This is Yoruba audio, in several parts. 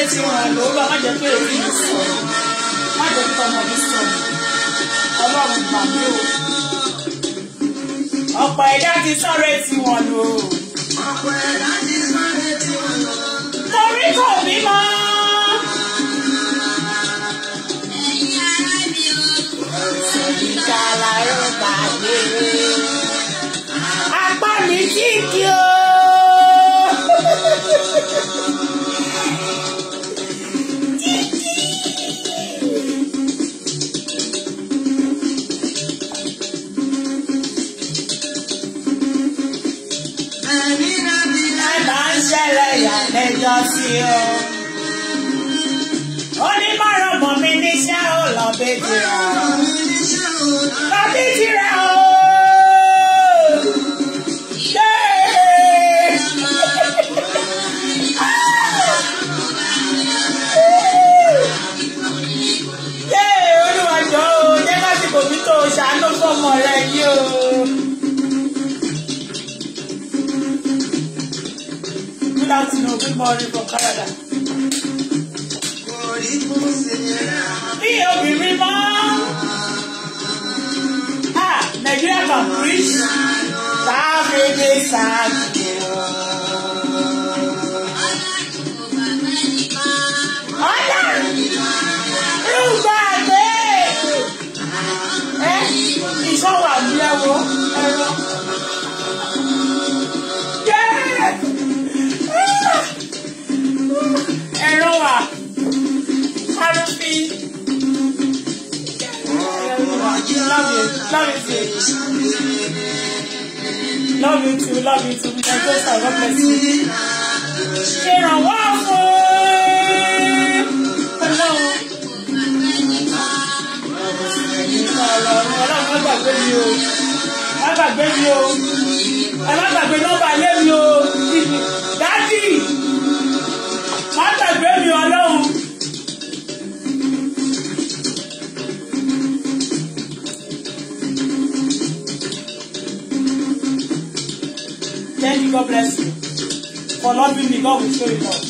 jẹ́ tí wọ́n lò ó bá má jẹ́ pé èyí ń sọ má jẹ́ pé ọmọ mi sọ ọlọ́run gbà mí o. ọ̀pọ̀ ẹ̀dá ti sọ̀rọ̀ tí tí wọ́n lò ó. torí kò bí mọ́. ẹ̀yin ará mi ò sọ̀rọ̀ ìkàlà rọ̀ bàgbére. good morning from Canada. Bí obìnrin máa Nàìjíríà kan preach sáà méje sáà. love you, love you. too. Love you too, love you too. My sister, God bless you. Ṣé ìrànwọ́ fún Ọlọ́run? Hello. má gbàgbé mi o. Má gbàgbé mi o. Ẹ má gbàgbé nọ́mbà ilé mi o. Dádì, má gbàgbé mi Ọlọ́run. me, God bless you. For loving me, God will show you love.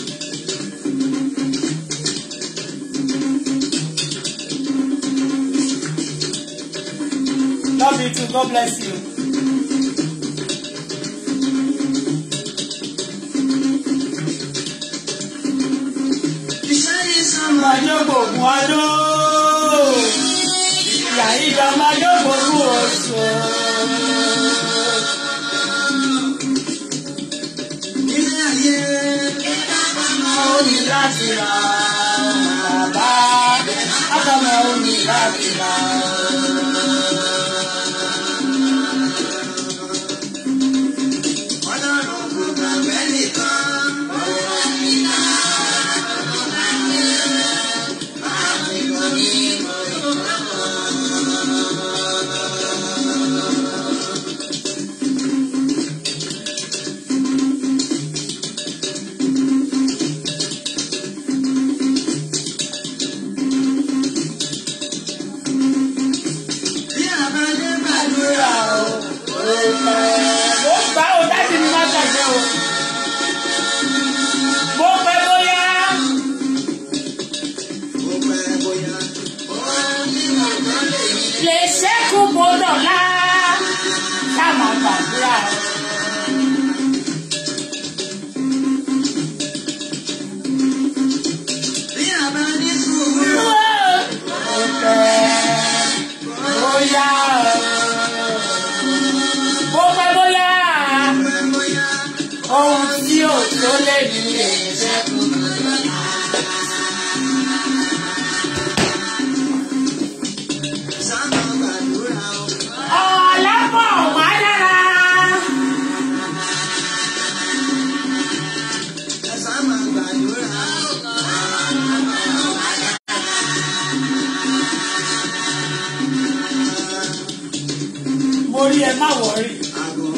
Love you too. God bless you. Majogogun adó, ìyá ìjọ majogogun oṣù. omi láti rà bá bẹ àtàwọn omi láti rà.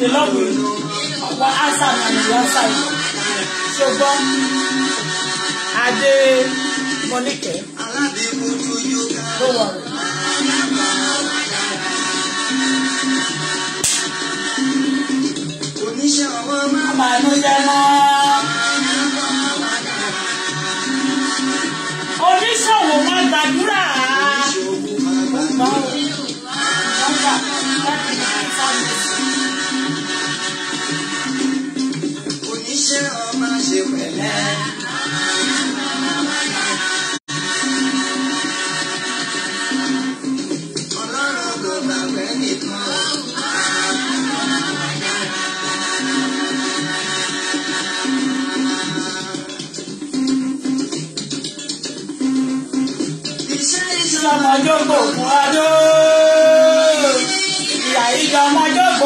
The love me wà á sà ní wà á sà ní ṣùgbọ́n adé mọ́nìkẹ́ ló wà rẹ̀. Oníṣẹ́ ọwọ́ máa bàánú jẹ́ náà.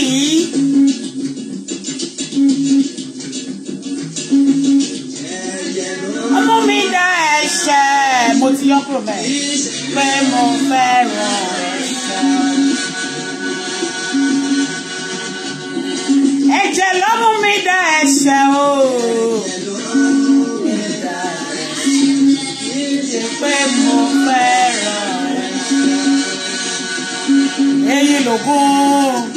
yìí. ọmọ mi dá ẹ̀ṣẹ̀ mo ti yọ kúrò bẹ́ẹ̀ pé mo fẹ́ràn ẹ̀ṣẹ̀. ẹ̀jẹ̀ ló mi dá ẹ̀ṣẹ̀ o. pé mo fẹ́ràn ẹ̀ṣẹ̀. èyí lògùn.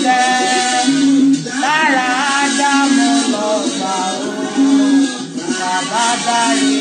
jẹ́ lára ádámù lọ́gbà ó bàbá dáyé.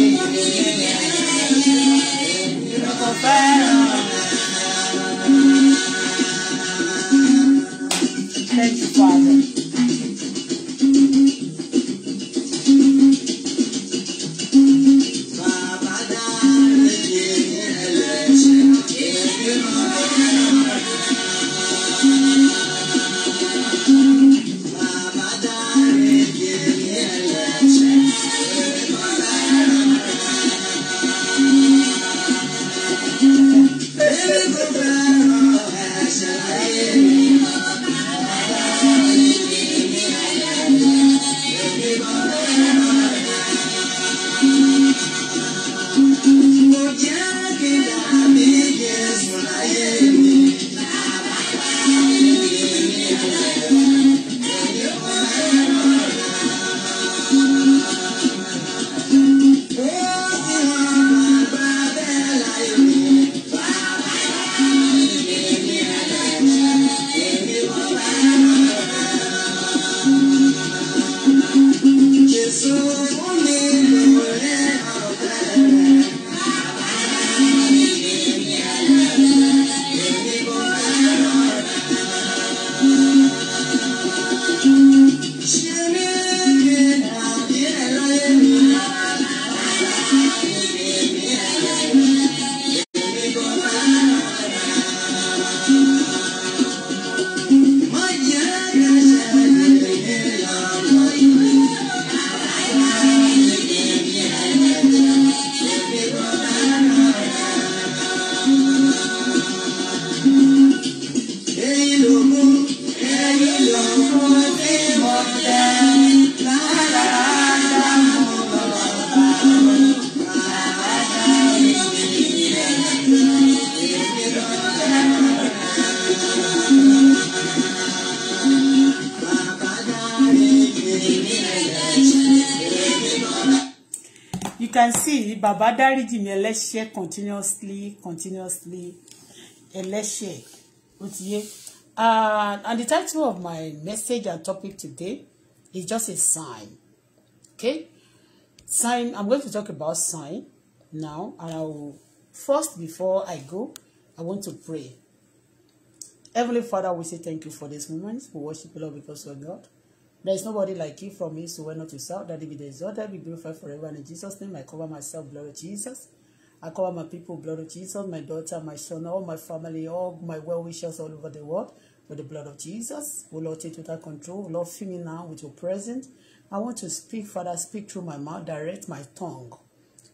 ẹlẹ́ṣẹ̀ continuously continuously ẹlẹ́ṣẹ̀ ó ti yé and the title of my message and topic today is just a sign okay sign I'm going to talk about sign now and I will first before I go I want to pray Heavenly Father we say thank you for this moment we worship you Lord because you are God. There is nobody like you from east to west, north to south. That if it is that be glorified forever. And in Jesus' name, I cover myself, glory Jesus. I call my people, blood of Jesus, my daughter, my son, all my family, all my well wishers all over the world with the blood of Jesus. O Lord, take without control. Lord, fill me now with your presence. I want to speak, Father, speak through my mouth, direct my tongue.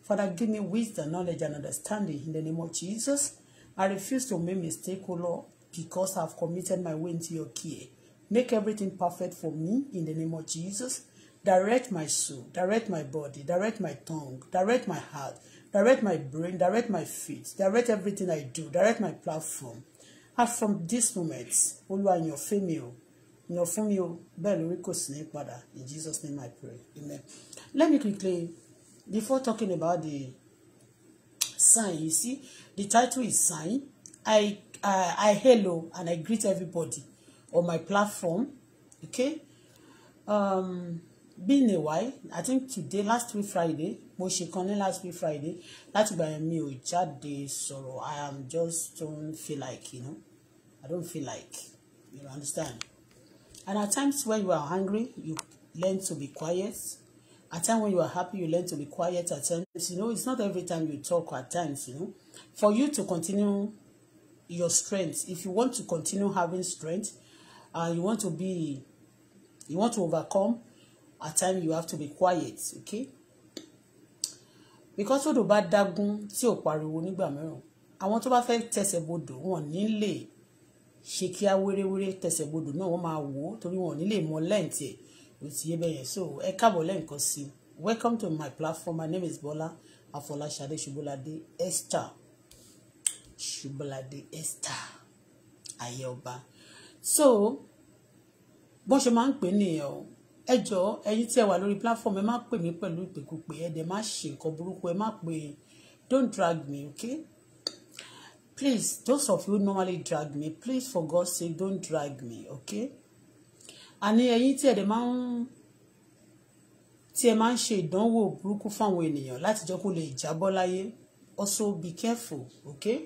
Father, give me wisdom, knowledge, and understanding in the name of Jesus. I refuse to make mistake, O Lord, because I've committed my way into your care. Make everything perfect for me in the name of Jesus. Direct my soul, direct my body, direct my tongue, direct my heart, direct my brain, direct my feet, direct everything I do, direct my platform. And from this moment, Olúwa yàn fún mi o, yàn fún mi o, bẹ́ẹ̀ lórí kò sí In Jesus' name I pray. Amen. Let me quickly, before talking about the sign, you see, the title is sign. I, I, I hello and I greet everybody on my platform. Okay? Um, been a while i think today last week friday mo ṣe kan ní last week friday láti gbà yẹn mi ò jáde sọ̀rọ̀ i am just don't feel like you know i don't feel like you understand and at times when you are angry you learn to be quiet at times when you are happy you learn to be quiet at times you know it's not every time you talk at times you know for you to continue your strength if you want to continue having strength and uh, you want to be you want to overcome at times you have to be quiet okay because odò bá dágún tí ò pariwo nígbà mìíràn àwọn tó bá fẹ́ tẹsẹ̀ bodò wọn nílé ṣe kí á wéréwéré tẹsẹ̀ bodò náà wọ́n máa wò ó torí wọn nílé mọ lẹ́yìn tiẹ̀ ó ti yé bẹ́ẹ̀ yẹn so ẹ káàbọ̀ lẹ́ǹkan sí i welcome to my platform my name is Bola Afolasade Ṣubolade Esther Ṣubolade Esther ayé ọba so bọ́n ṣe máa ń pè é nìyẹn o ẹ jọ̀ọ́ ẹ̀yin tí ẹ wà lórí platform ẹ má pè mí pẹ̀lú ìpèkúpè ẹ dẹ̀ má ṣe nǹkan burúkú ẹ má pè don't drag me okay please those of you who normally drag me please for God's sake don't drag me okay àní ẹ̀yin tí ẹ dẹ̀ máa ń tí ẹ máa ń ṣe ìdánwò burúkú fáwọn ènìyàn láti jẹ́ kó lè jábọ́ láyé also be careful okay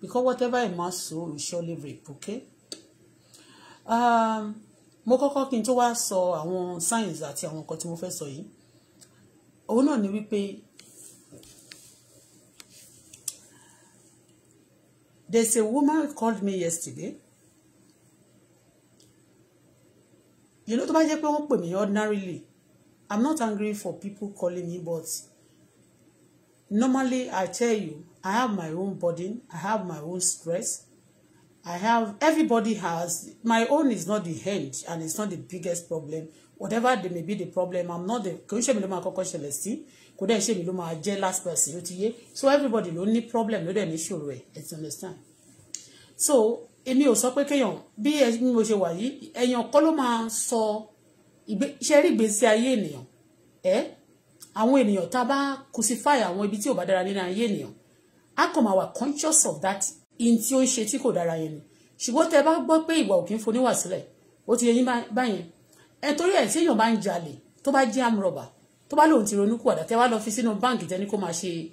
because whatever you must so, you surely reap okay. Um, mo kọ́kọ́ kí n tó wá sọ àwọn signs àti àwọn nǹkan tí mo fẹ́ sọ yìí òun náà ni wípé there's a woman called me yesterday you know tó bá jẹ́ pé wọ́n pè mí ordinarily I'm not angry for people calling me but normally I tell you I have my own burden I have my own stress I have, everybody has, my own is not the end and it's not the biggest problem. Whatever they may be the problem, I'm not the, kò ń ṣe mi ló máa kọ́kọ́ ṣẹlẹ̀ sí, kò dẹ̀ ṣe mi ló máa last person So everybody ló ní problem no, dẹ̀ ní ṣòro ẹ̀, ẹ understand? So èmi ò sọ pé kéèyàn bí ẹni mo ṣe wà yìí, èèyàn kọ́ ló máa sọ iṣẹ́ rí ìgbésí ayé ènìyàn. Ẹ́ àwọn ènìyàn tá a bá crucify àwọn ibi tí ò bá dára nínú ayé ènìyàn, a kàn máa wà conscious of that in tí ó ń ṣe tí kò dára yẹn ni ṣùgbọ́n tẹ bá gbọ́ pé ìwà òkín wa sile, ó ti yẹ ba báyẹn ẹ torí ẹ̀ tí èèyàn bá ń jalè tó bá jẹ́ amúrọ̀bà tó bá lòun ti ronú kùwàdà tẹ wá lọ fi sínú báǹkì tẹni kó máa ṣe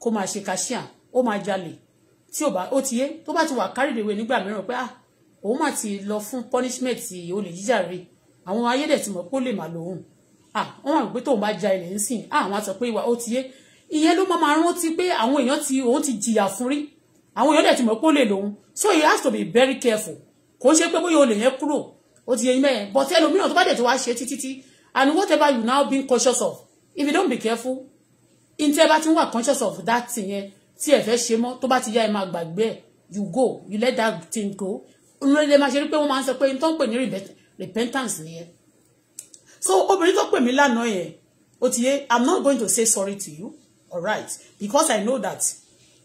kó máa ṣe kàṣíà ó máa jalè tí ò bá ó ti yé tó bá ti wà kárìdéwé nígbà mìíràn pé ah òun mà ti lọ fún punishment olè jíjà rèé àwọn ayédè ti mọ̀ pé ó lè mà lòun ah wọ́n mọ̀ pé tóun bá ja ilẹ̀ ń sìn ah wọ́n á sọ pé ìwà ó ti yé ìyẹn ló máa rántí pé àwọn èèyàn ti òun ti jìyà fún rí àwọn èèyàn dẹ̀ ti mọ̀ pé ó lè lòun so he has to be very careful kò ṣe pé bóyá olè yẹn kúrò ó ti yẹ yín mẹ́yẹn but ẹlòmíràn tó bá dẹ̀ ti wá ṣe títí tí and whatever you now being conscious of if you don't be careful in tẹ́ bá ti ń wà conscious of that thing yẹn tí ẹ fẹ́ ṣe mọ́ tó bá ti yá ẹ máa gbàgbé ẹ you go you let that thing go olórí lè máa ṣe rí pé wọ́n máa ń sọ pé n tó ń pè ní repentance nìyẹn so obìnrin tó pè mí lánàá yẹn ó ti yé i'm not going to say sorry to you All right, because i know that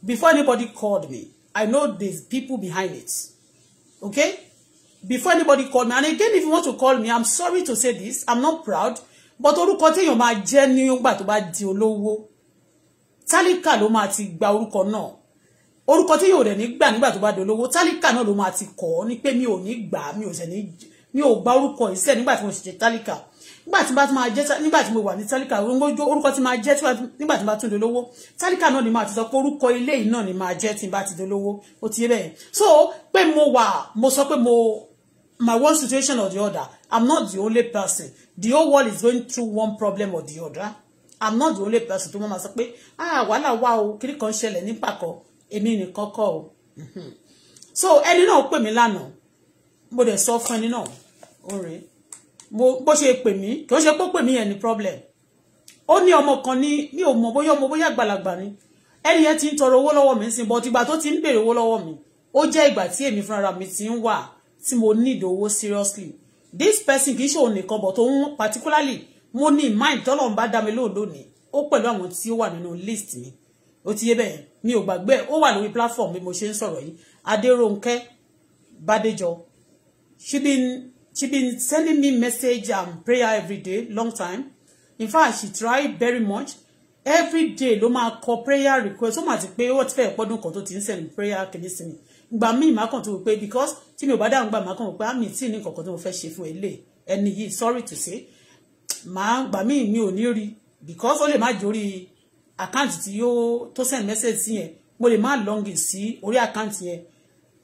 Before anybody called me, I know there's people behind it. Okay? Before anybody called me, and again, if you want to call me, I'm sorry to say this, I'm not proud, but orúkọ téèyàn máa jẹ́ ní ìgbà tó bá di olówó tálíkà ló máa ti gba orúkọ náà orúkọ téèyàn ò rẹ̀ nígbà nígbà tó bá di olówó tálíkà náà ló máa ti kọ̀ ọ́ ní mi ò ní gbà mi ò se ni mi ò gba orúkọ ìṣẹ́ nígbà tí mo ṣe ṣe nígbà tí bá tún máa jẹ́ nígbà tí mo wà ní tálíkà orúkọ tí máa jẹ́ nígbà tí bá tún dolówó tálíkà náà ni máa ti sọ pé orúkọ ilé yìí náà ni máa jẹ́ tí bá ti dolówó ó ti bẹ́ẹ̀ so pé mo wà mo sọ pé mo my one situation or the other I'm not the only person the whole world is going through one problem or the other I'm not the only person tó mọ́ máa sọ pé ah wàhálà wà o kiri kan ṣẹlẹ̀ ní pàkọ́ èmi nìkan kọ́ o mhm. so ẹni náà pè mí lánàá mo dẹ̀ sọ fún ẹni náà ó rèé bó ṣe pè mí kí ó ṣe pé pè mí yẹn ni problem ó ní ọmọ kan ní mi ò mọ bóyá ọmọ bóyá àgbàlagbà ni ẹni yẹn ti ń tọrọ owó lọ́wọ́ mi sin but ìgbà tó ti ń béèrè owó lọ́wọ́ mi ó jẹ́ ìgbà tí èmi fúnra mi ti ń wà tí mo need owó seriously this person kì í ṣe òun nìkan but òun particularly mo ní mind tọ́lọ̀ ń bá dá mi lóòdó ni ó pẹ̀lú àwọn tí ó wà nínú list mi ó ti yé bẹ́ẹ̀ mi ò gbàgbé ó wà lórí platform bí mo ṣe ń sọ̀rọ̀ yìí Adérónkẹ́ Bádéjọ she been she been sending me message and prayer every day long time in fact she try very much every day ló máa kọ prayer request ó máa ti pé ó ti fẹ́ pọ́dún kan tó ti ń send prayer kìíní sí mi ìgbà míì má kàn tó wò pé because tí mi ò bá dáhùn gbà má kàn wò pé àmì tí ní kankan tí mo fẹ́ ṣe fún ẹ lè ẹni yìí sorry to say màá gbà míì mi ò ní rí because ó lè má jórí àkáǹtì tí yóò tó send message sí yẹn mo lè má longin sí orí àkáǹtì yẹn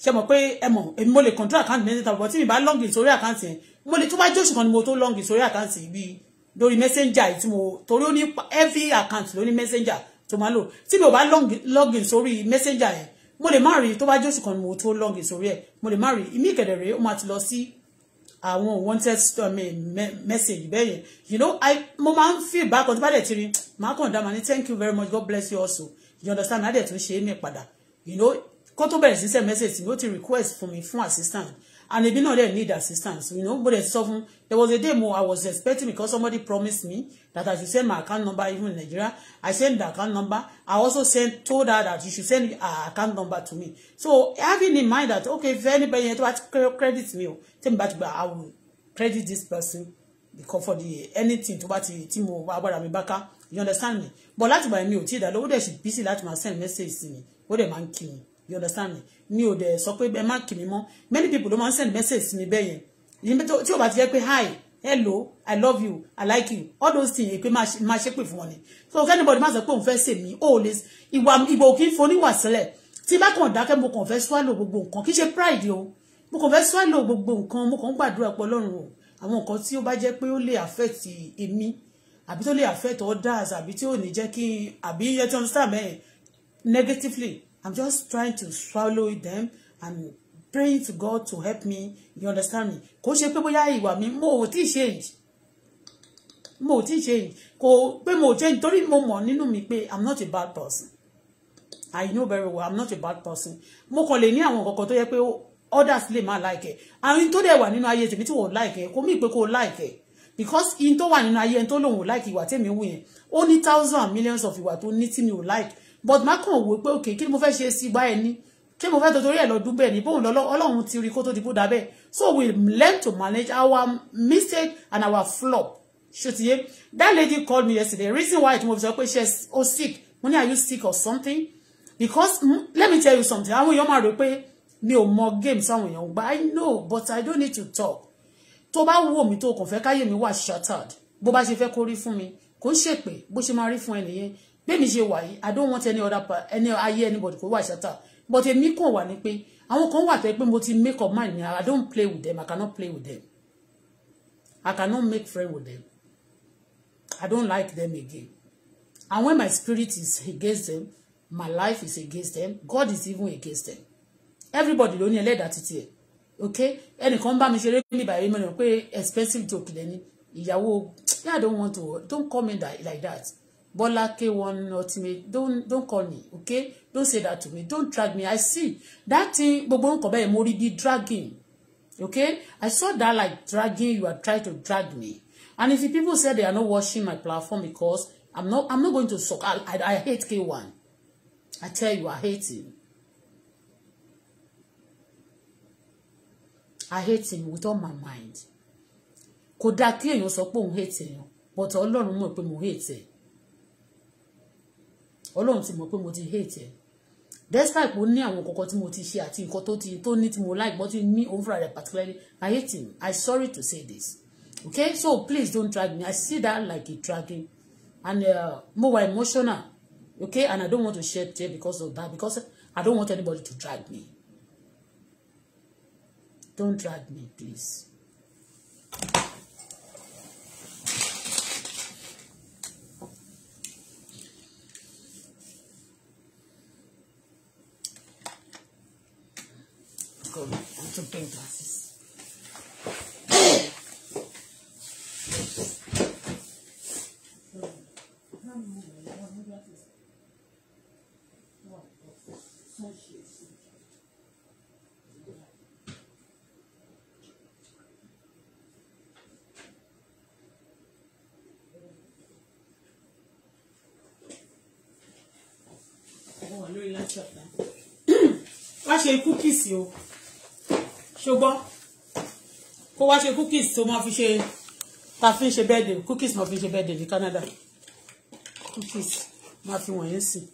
ṣe mọ̀ pé ẹ mọ̀ èmi mo lè control account mi níta but tí mi bá long sórí account yẹn mo lè tún bá jóṣù kan ni mo tó long sórí account yìí bíi lórí messenger yìí tí mo torí ó ní every account ló ní messenger tó máa lò tí mi ò bá long sórí messenger yẹn mo lè má rí tó bá jóṣù kan ni mo tó long sórí ẹ̀ mo lè má rí ìmí ìkẹ̀dẹ̀ rèé ó máa ti lọ sí àwọn wanted stormy message bẹ́ẹ̀ yẹn you know I mo máa ń feel back on tó bá dẹ̀ ti rí màá kàn dá ma ní thank you very much God bless you also you understand má dẹ̀ tún ṣe é mi padà you know kó tó bẹ̀rẹ̀ sí send message mi ó ti request fún mi fún assistance and ebi náà dẹ̀ need assistance you know but dẹ̀ sọ fún there was a day mo I was expecting because somebody promised me that I should send my account number even in Nigeria I send the account number I also send told her that you should send her account number to me so having in mind that okay if anybody yẹn tó bá credit me, o tí bá ti gba I will credit this person because for the anything tó bá ti tí mo agbára mi bá ká you understand me but láti gbà mí ò tí ì dá lówó dẹ̀ ṣì bísí láti máa send message sí mi ó dẹ̀ máa ń kí mi you understand me mi ò dẹ̀ so pé ẹ má kì mí many people ló máa ń send message sí mi bẹ́ẹ̀ yẹn tí ò bá ti jẹ́ pé hi hello i love you i like you all those things èpè máa ṣépè fún wọn ni so anybody So sọ pé òun fẹ́ sè mí ó lè ìwà ìgbà òkè foníwà sílẹ̀ tí bá kàn dákẹ́ mo kàn fẹ́ swallow gbogbo nǹkan kì í ṣe pride o mo kàn fẹ́ swallow gbogbo nǹkan mo kàn ń gbàdúrà pé ọlọ́run o àwọn nǹkan tí ó bá jẹ́ pé ó lè affect èmi àbí tó lè affect others àbí tí ò ní jẹ́ kí àbí yẹ tí wọ́n negatively I'm just trying to swallow them and praying to God to help me you understand me kò ṣe pé bóyá ìwà mi mo ò tí change mo ò tí change kò pé mo ò change torí mo mọ̀ nínú mi pé I'm not a bad person I know very well I'm not a bad person mo kàn lè ní àwọn kankan tó yẹ pé others lè má like ẹ àwọn tó dẹ̀ wà nínú ayé tèmi tí wọ́n like ẹ kò mí pé kò like ẹ because in tó wà nínú ayé ẹni tó lòun ò like ìwà tèmi wù yẹn ó ní and millions of ìwà tó ní tí mi ò like but má kàn wò pé òkè kí ni mo fẹ́ ṣe sí ìgbà ẹni ṣé mo fẹ́ tòtórí ẹ̀ lọ dún bẹ́ẹ̀ ni bóun lọ ọlọ́run ti rí kó tó di bó dábẹ́ so we learn to manage our mistake and our flop ṣòtìyé that lady called me yesterday the reason why mo fi sọ pé ṣe o sick mo are you sick or something because hmm, let me tell you something àwọn èèyàn máa rò pé mi ò mọ game sáwọn èèyàn gba i know but i don't need to talk tó bá wò mí tó kàn fẹ́ káyé mi wà shattered bó bá ṣe fẹ́ kó rí fún mi kò ń ṣèpè bó ṣe máa rí fún ẹnìyẹn bẹ́ẹ̀ mi ṣe wà yìí i don't want any other pa any ayé anybody kó wà ṣẹ́ta but èmi kàn wà ní pé àwọn kan wà tẹ́ pé mo ti make up mind mi i don't play with them i cannot play with them i cannot make friend with them i don't like them again and when my spirit is against them my life is against them god is even against them everybody ló ní ẹlẹ́dàá títí ẹ̀ okay? ẹnìkan bá mi ṣeré mi bàyẹ̀ mi rìn pé expensive joke lẹ́ni ìyàwó yeah i don't want to don't call me that, like that Bola K1 Ultimate, don't don't call me, okay? Don't say that to me. Don't drag me. I see that thing. Gbogbo nǹkan bẹ́ẹ̀ mo rí dragging, okay? I saw that like dragging. You are trying to drag me. And if the people say they are not watching my platform because I'm not, I'm not going to suck. I, I, I hate K1. I tell you, I hate him. I hate him with all my mind. Kò dáa kí èèyàn sọ hate èèyàn, but all mọ̀ pé mo hate ẹ̀ ọlọ́run ti mọ̀ pé mo ti hate ẹ̀ despite pé ó ní àwọn kọ̀ọ̀kan tí mo ti ṣe àti nǹkan tó ti tó ní tí mo like but ní òun fúnra particularly I hate him I sorry to say this okay so please don't drag me I see that like a dragging and uh, mo emotional okay and I don't want to share today because of that because I don't want anybody to drag me don't drag me please. go go to bring glasses. wá ṣe kúkìsì o ṣùgbọ́n kó wá ṣe cookies tó máa fi ṣe ta fi ń ṣe birthday cookies máa fi ṣe birthday ní Canada cookies máa fi wọ̀nyí sí.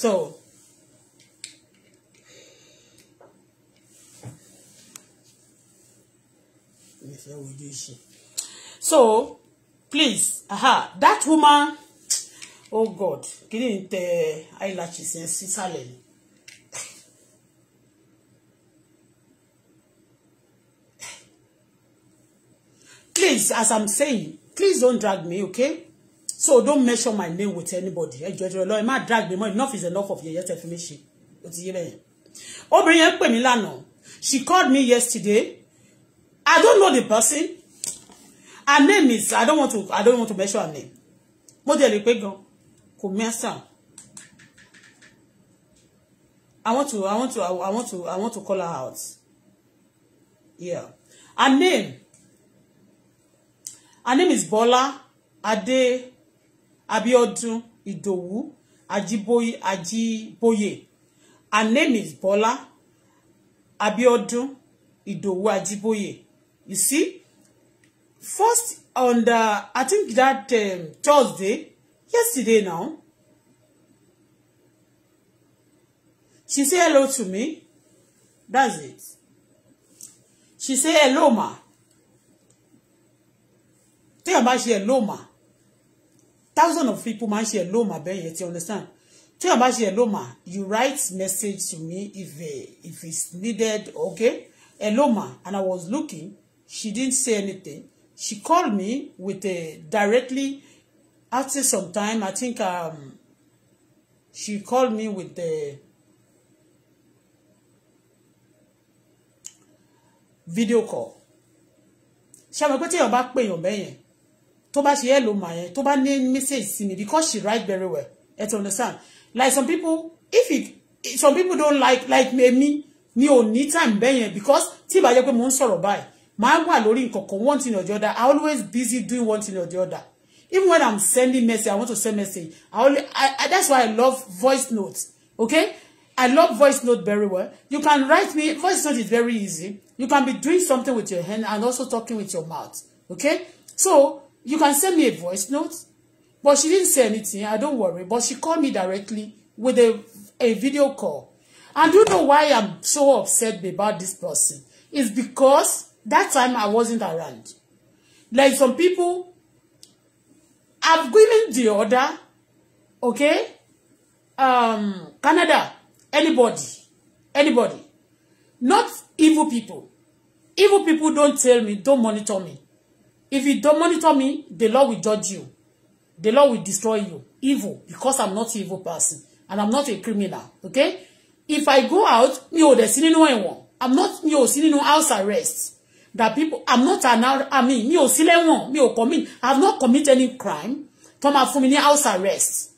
so so please aha that woman oh god kí ni n tẹ eyelashes yẹn sísàlẹ̀ ni. please as i'm saying please don't drag me okay so don't measure my name with anybody ẹ jọ̀ọ́ jọ̀ọ́ lọ ẹ má drag me more enough is enough of yẹyẹ tẹ fi mi ṣe o ti yé bẹyẹn obìnrin yẹn pè mí lánàá she called me yesterday i don't know the person her name is i don't want to i don't want to measure her name mo dẹ̀ rí pé gan commercial. I want to, I want to, I want to, I want to call her out. Yeah. Her name, her name is Bola Ade Abiodun Idowu Ajiboye Ajiboye. Her name is Bola Abiodun Idowu Ajiboye. You see, first on the, I think that um, Thursday, Yesterday now, she say hello to me. That's it. She say hello ma. Téèyàn about she hello ma. Thousand of people man she hello ma Ben yẹn understand. Téèyàn about she hello ma, you write message to me if eh, if it's needed, okay? Hello ma, and I was looking. She didn't say anything. She called me with a eh, directly after some time I think um, she called me with the video call She àmọ́ pé téèyàn bá pè your bẹ́yẹn Toba she ṣe ẹ̀ ló mà yẹn tó message sí me because she write very well ẹ understand like some people if it some people don't like like me me on ní time bẹ́yẹn because tiba ìbá jẹ́ pé mò ń sọ̀rọ̀ báyìí màá wà lórí nǹkan one thing or the other I always busy doing one thing or the other Even when I'm sending message, I want to send message. I only, I, I, that's why I love voice notes. Okay? I love voice note very well. You can write me, voice note is very easy. You can be doing something with your hand and also talking with your mouth. Okay? So, you can send me a voice note. But she didn't say anything. I don't worry. But she called me directly with a, a video call. And you know why I'm so upset about this person? It's because that time I wasn't around. Like some people, I've given the order, okay? Um, Canada, anybody, anybody, not evil people. Evil people don't tell me, don't monitor me. If you don't monitor me, the law will judge you. The law will destroy you. Evil, because I'm not an evil person and I'm not a criminal, okay? If I go out, mi ò dẹ̀ sí nínú ẹ̀wọ̀n. I'm not, mi ò sí nínú house arrest that people i'm not an army Me, ò sí lẹ́wọ̀n mi ò commit i have not committed any crime tó máa fún house arrest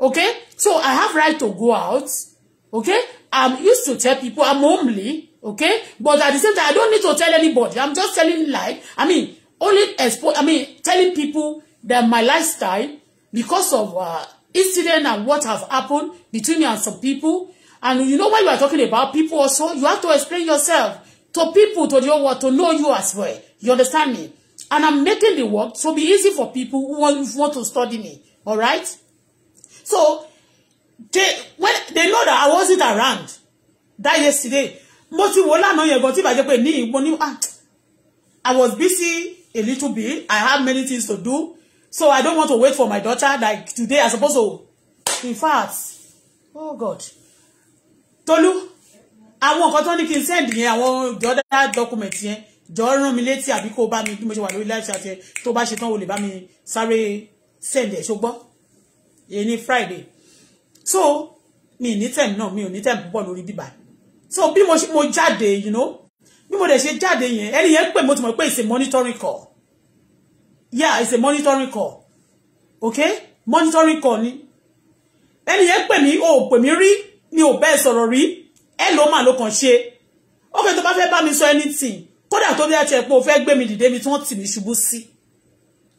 okay so i have right to go out okay i'm used to tell people i'm homely okay but at the same time i don't need to tell anybody i'm just telling like i mean only expose i mean telling people that my lifestyle because of uh, incident and what have happened between me and some people and you know why you are talking about people also you have to explain yourself to people, to the whole world, to know you as well. You understand me? And I'm making the work so be easy for people who want, who want to study me. All right? So, they, when they know that I wasn't around that yesterday, mo ti wò lánàá yẹn gan tí bàjẹ́ pé ní ìgbọ́n ní ah I was busy a little bit. I have many things to do. So I don't want to wait for my daughter. Like today, I suppose to. In fact, oh God. Tolu, àwọn nǹkan tó ní kí n send yẹn àwọn the other document yẹn jọ rán mi létí àbí kó bá mi bí mo ṣe wà lórí láti ṣàtẹ tó bá ṣe tán o lè bá mi sáré send ẹ̀ ṣùgbọ́n èyí ní Friday so mi ní tẹ̀m náà mi ò ní tẹ̀m púpọ̀ lórí bíbá so bí mo ṣe mo jáde you know bí mo dẹ̀ ṣe jáde yẹn ẹni yẹn pè mo ti mọ̀ pé it's a monitoring call yeah it's a monitoring call okay monitoring call ni ẹni yẹn pè mí o pè mí rí mi ò bẹ́ẹ̀ sọ̀rọ̀ rí ẹ ló mà ló kàn ṣe ó kẹ́ tó bá fẹ́ bá mi sọ anything kódà tó bí ẹ ti ẹ̀ pé o fẹ́ gbé mi dìde mi tí wọ́n tì mí ṣubú sí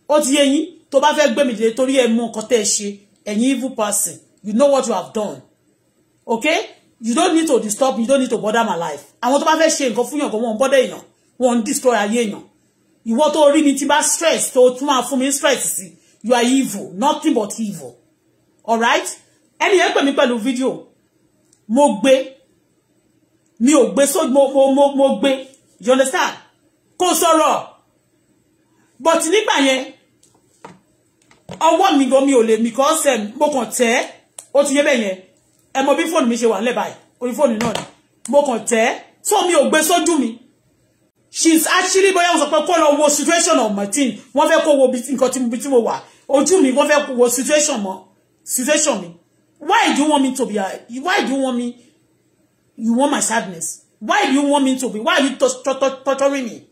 ó ti yé yín tó bá fẹ́ gbé mi dìde torí ẹ mú nǹkan tẹ́ ẹ ṣe ẹ̀yin evil person you know what you have done okay you don't need to disturb me you don't need to bother my life àwọn tó bá fẹ́ ṣe nǹkan fún yàn kó wọ́n bọ́dẹ̀ èèyàn wọ́n destroy ayé èèyàn ìwọ tó rí mi tí bá stress tó tún máa fún mi stress sí you are evil nothing but evil alright ẹni yẹn pè mí pẹ̀lú fídíò mo gbé mi ò gbé sójú mo mo mo mo gbé you understand kò sọ̀rọ̀ but nígbà yẹn ọwọ́ mi gan mi ò lè mi kàn sẹ̀ mo kàn tẹ́ ó ti yé bẹ́ẹ̀ yẹn ẹ mọ bí fóònù mi ṣe wà nílẹ̀ báyìí orí fóònù náà ni mo kàn tẹ́ so mi ò gbé sójú mi she's actually bóyá So sọ pé kó wo situation of my team wọ́n fẹ́ kó wo nǹkan tí mo tí mo wà ojú mi wọ́n fẹ́ wo situation mọ́ situation mi why do you want me to be a why do you want me You want my sadness. Why do you want me to be? Why are you torturing me?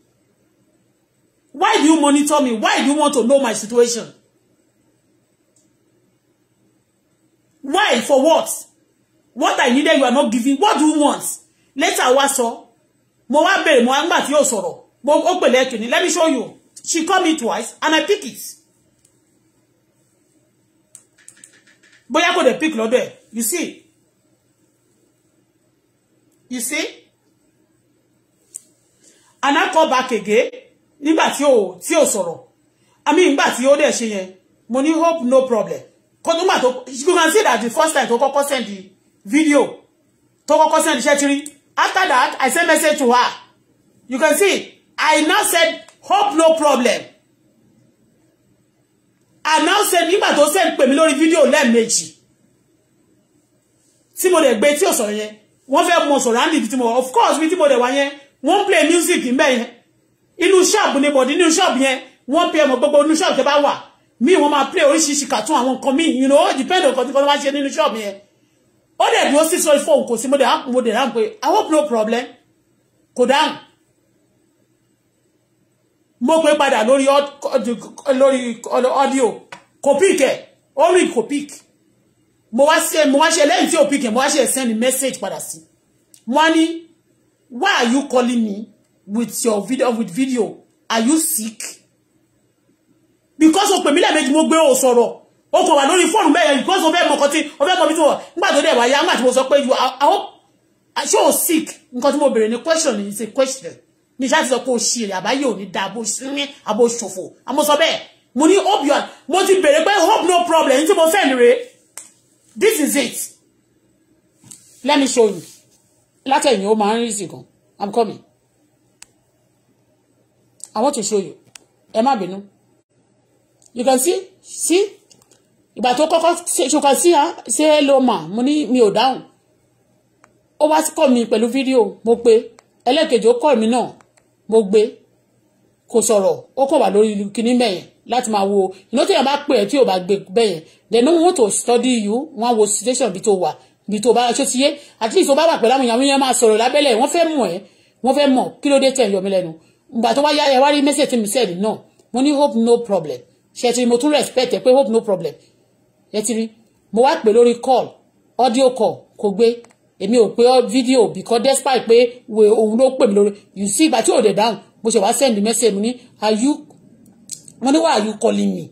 Why do you monitor me? Why do you want to know my situation? Why? For what? What I needed, you are not giving. What do you want? Later, wá sọ. Mo wá bèrè, mo wá ńgbà tí Mo ó pè Let me show you. She called me twice and I pick it. But I kò dé pick lọ́dọ̀ ẹ̀. You see? You see? And I call back again. Nígbà tí ó tí ó sọ̀rọ̀. I mean, nígbà tí ó dẹ̀ ṣe yẹn. Mo ní hope no problem. Kon nígbà tó you can see that the first time tó kọ́kọ́ send the video. Tó kọ́kọ́ send the shetiri. After that, I send message to her. You can see, I now said hope no problem. I now said nígbà to send pè mí lórí video lẹ́ẹ̀mejì. Tí mo dẹ̀ gbé tí ó sọ̀rọ̀ yẹn wọ́n fẹ́ mọ surrounding ibi tí mo wà of course ibi tí mo dẹ̀ wá yẹn wọ́n play music ńbẹ̀ yẹn inú shop ni bọ̀dí inú shop yẹn wọ́n play ọmọ gbogbo inú shop tẹ́ bá wà míì wọ́n máa play oríṣiríṣi cartoon àwọn nǹkan míì you know depend on nǹkan tí wọ́n bá ṣe nínú shop yẹn ó dẹ̀ dúró sí sórí fóònù kò sí mo dẹ̀ mo dẹ̀ dáhùn pé I hope no problem kò dáhùn mo pé padà lórí audio kò píkẹ̀ ó rìn kò píkẹ̀ mo wá sí mo wá ṣe lẹ́yìn tí ò pick mo wá ṣe send message padà sí wọ́n why are you calling me with your video with video are you sick because o pè mí lẹ́ẹ̀mejì mo gbé o sọ̀rọ̀ o kò wà lórí fóònù bẹ́ẹ̀ because o fẹ́ mọ nǹkan tí o fẹ́ mọ bí tí wọ̀ nígbà tó dẹ̀ wá yá nígbà tí mo sọ pé you are ṣé o sick nǹkan tí mo bere ní question is a question ní ṣáà ti sọ pé o ṣì rè àbáyé ò ní da bó ṣíní àbó ṣòfò àmọ́ sọ mo ní hope you are mo ti béèrè pé hope no problem ní tí mo send rèé this is it let me show you látẹ̀yìn ó máa ń rí sí i'm coming i want to show you ẹ má bínú you can see see ìgbà tó kọ́kọ́ you can see ah ṣé hello ma mo ní mi ò dáhùn ó wá kọ́ mi pẹ̀lú fídíò mo pé ẹlẹ́ẹ̀kejì ó kọ́ mi náà mo gbé kò sọ̀rọ̀ ó kàn wà lórí kinní mẹ́yẹn láti máa wo iná tí yàrá bá pè ẹ́ tí ò bá gbé bẹ́yẹn then no want to study you wọ́n á wo situation bí tó wà bí tó bá ṣó ti yé àti tí ìṣòwò bá wà pẹ̀lú àwọn èèyàn yẹn máa sọ̀rọ̀ lábẹ́lẹ̀ wọ́n fẹ́ mọ̀ ẹ́ wọ́n fẹ́ mọ̀ kí ló dé tẹ̀ yọmí lẹ́nu ìgbà tó wá yá ẹ wá rí message mi sẹ́ẹ̀dì náà mo ní hope no problem ṣe ti mo tún respect ẹ pé hope no problem ẹ ti rí mo wá pè lórí call audio call kò gbé èmi ò pé video because despite pé òun ló pè mí lórí you see ìgbà tí ò dẹ̀ dáhùn mo ṣe wá send message mi ní are you wọ́n ní why are you calling me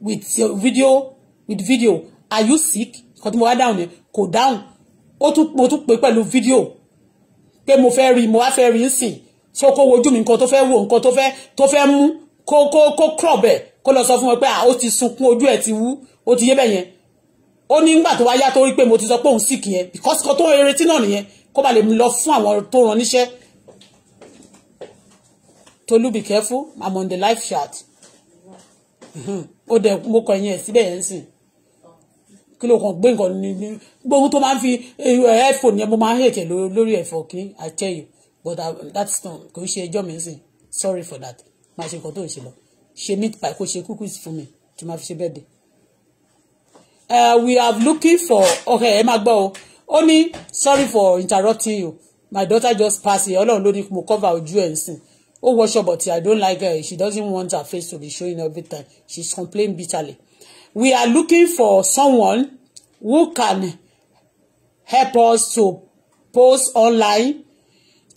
with your video with video are you sick kò tí mo wá dáhùn yẹn kò dáhùn ó tún mo tún pè pẹ̀lú fídíò pé mo fẹ́ rí mo wá fẹ́ rí ń sìn so kó wojú mi nǹkan tó fẹ́ wò nǹkan tó fẹ́ tó fẹ́ mú kó kó kó crop ẹ̀ kó lọ sọ fún wọn pé à ó ti sunkún ojú ẹ̀ ti wú ó ti yé bẹ́ẹ̀ yẹn ó ní nígbà tó wá yá tó rí pé mo ti sọ pé òun sick yẹn because kan tó ń retí náà nìyẹn kó ba lè lọ fún àwọn tó ràn níṣẹ́ Tolu be careful I'm on the live chat ó dẹ̀ mo kọ ẹ̀yìn ẹ̀ síbẹ̀ yẹn sìn kí ló kàn gbé nǹkan ní ní gbogbo tó máa ń fi iphone eh, eh, yẹn mo máa ń hètè lórí ẹ̀fọ́ kí I tell you but uh, that is not kò ń ṣe ẹjọ́ mi sìn sorry for that máa ṣe nǹkan tó ń ṣe lọ ṣe meat pie kó ṣe cookies fún mi tí máa fi ṣe bẹ́ẹ̀ dé. Uh, we are looking for okay ẹ máa gbọ́ o ó ní sorry for interrupting you my daughter just pass here ọlọ́run ló ní mo cover ojú ẹ̀ ń sìn Oh, ó up? but I don't like her she doesn't want her face to be showing every time she's complaining bitterly we are looking for someone who can help us to post online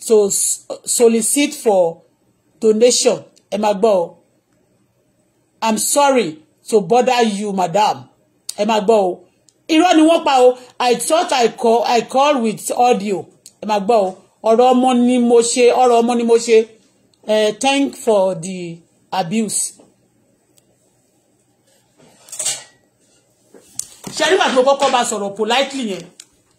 to solicit for donation ẹ i'm sorry to bother you madam ẹ máa ni wọ́n pa o i thought i call i call with audio ẹ máa ọmọ ni mo ṣe ọ̀rọ̀ ọmọ ni mo ṣe uh, thank for the abuse. ṣe nígbà tí mo kọ́kọ́ bá sọ̀rọ̀ politely yẹn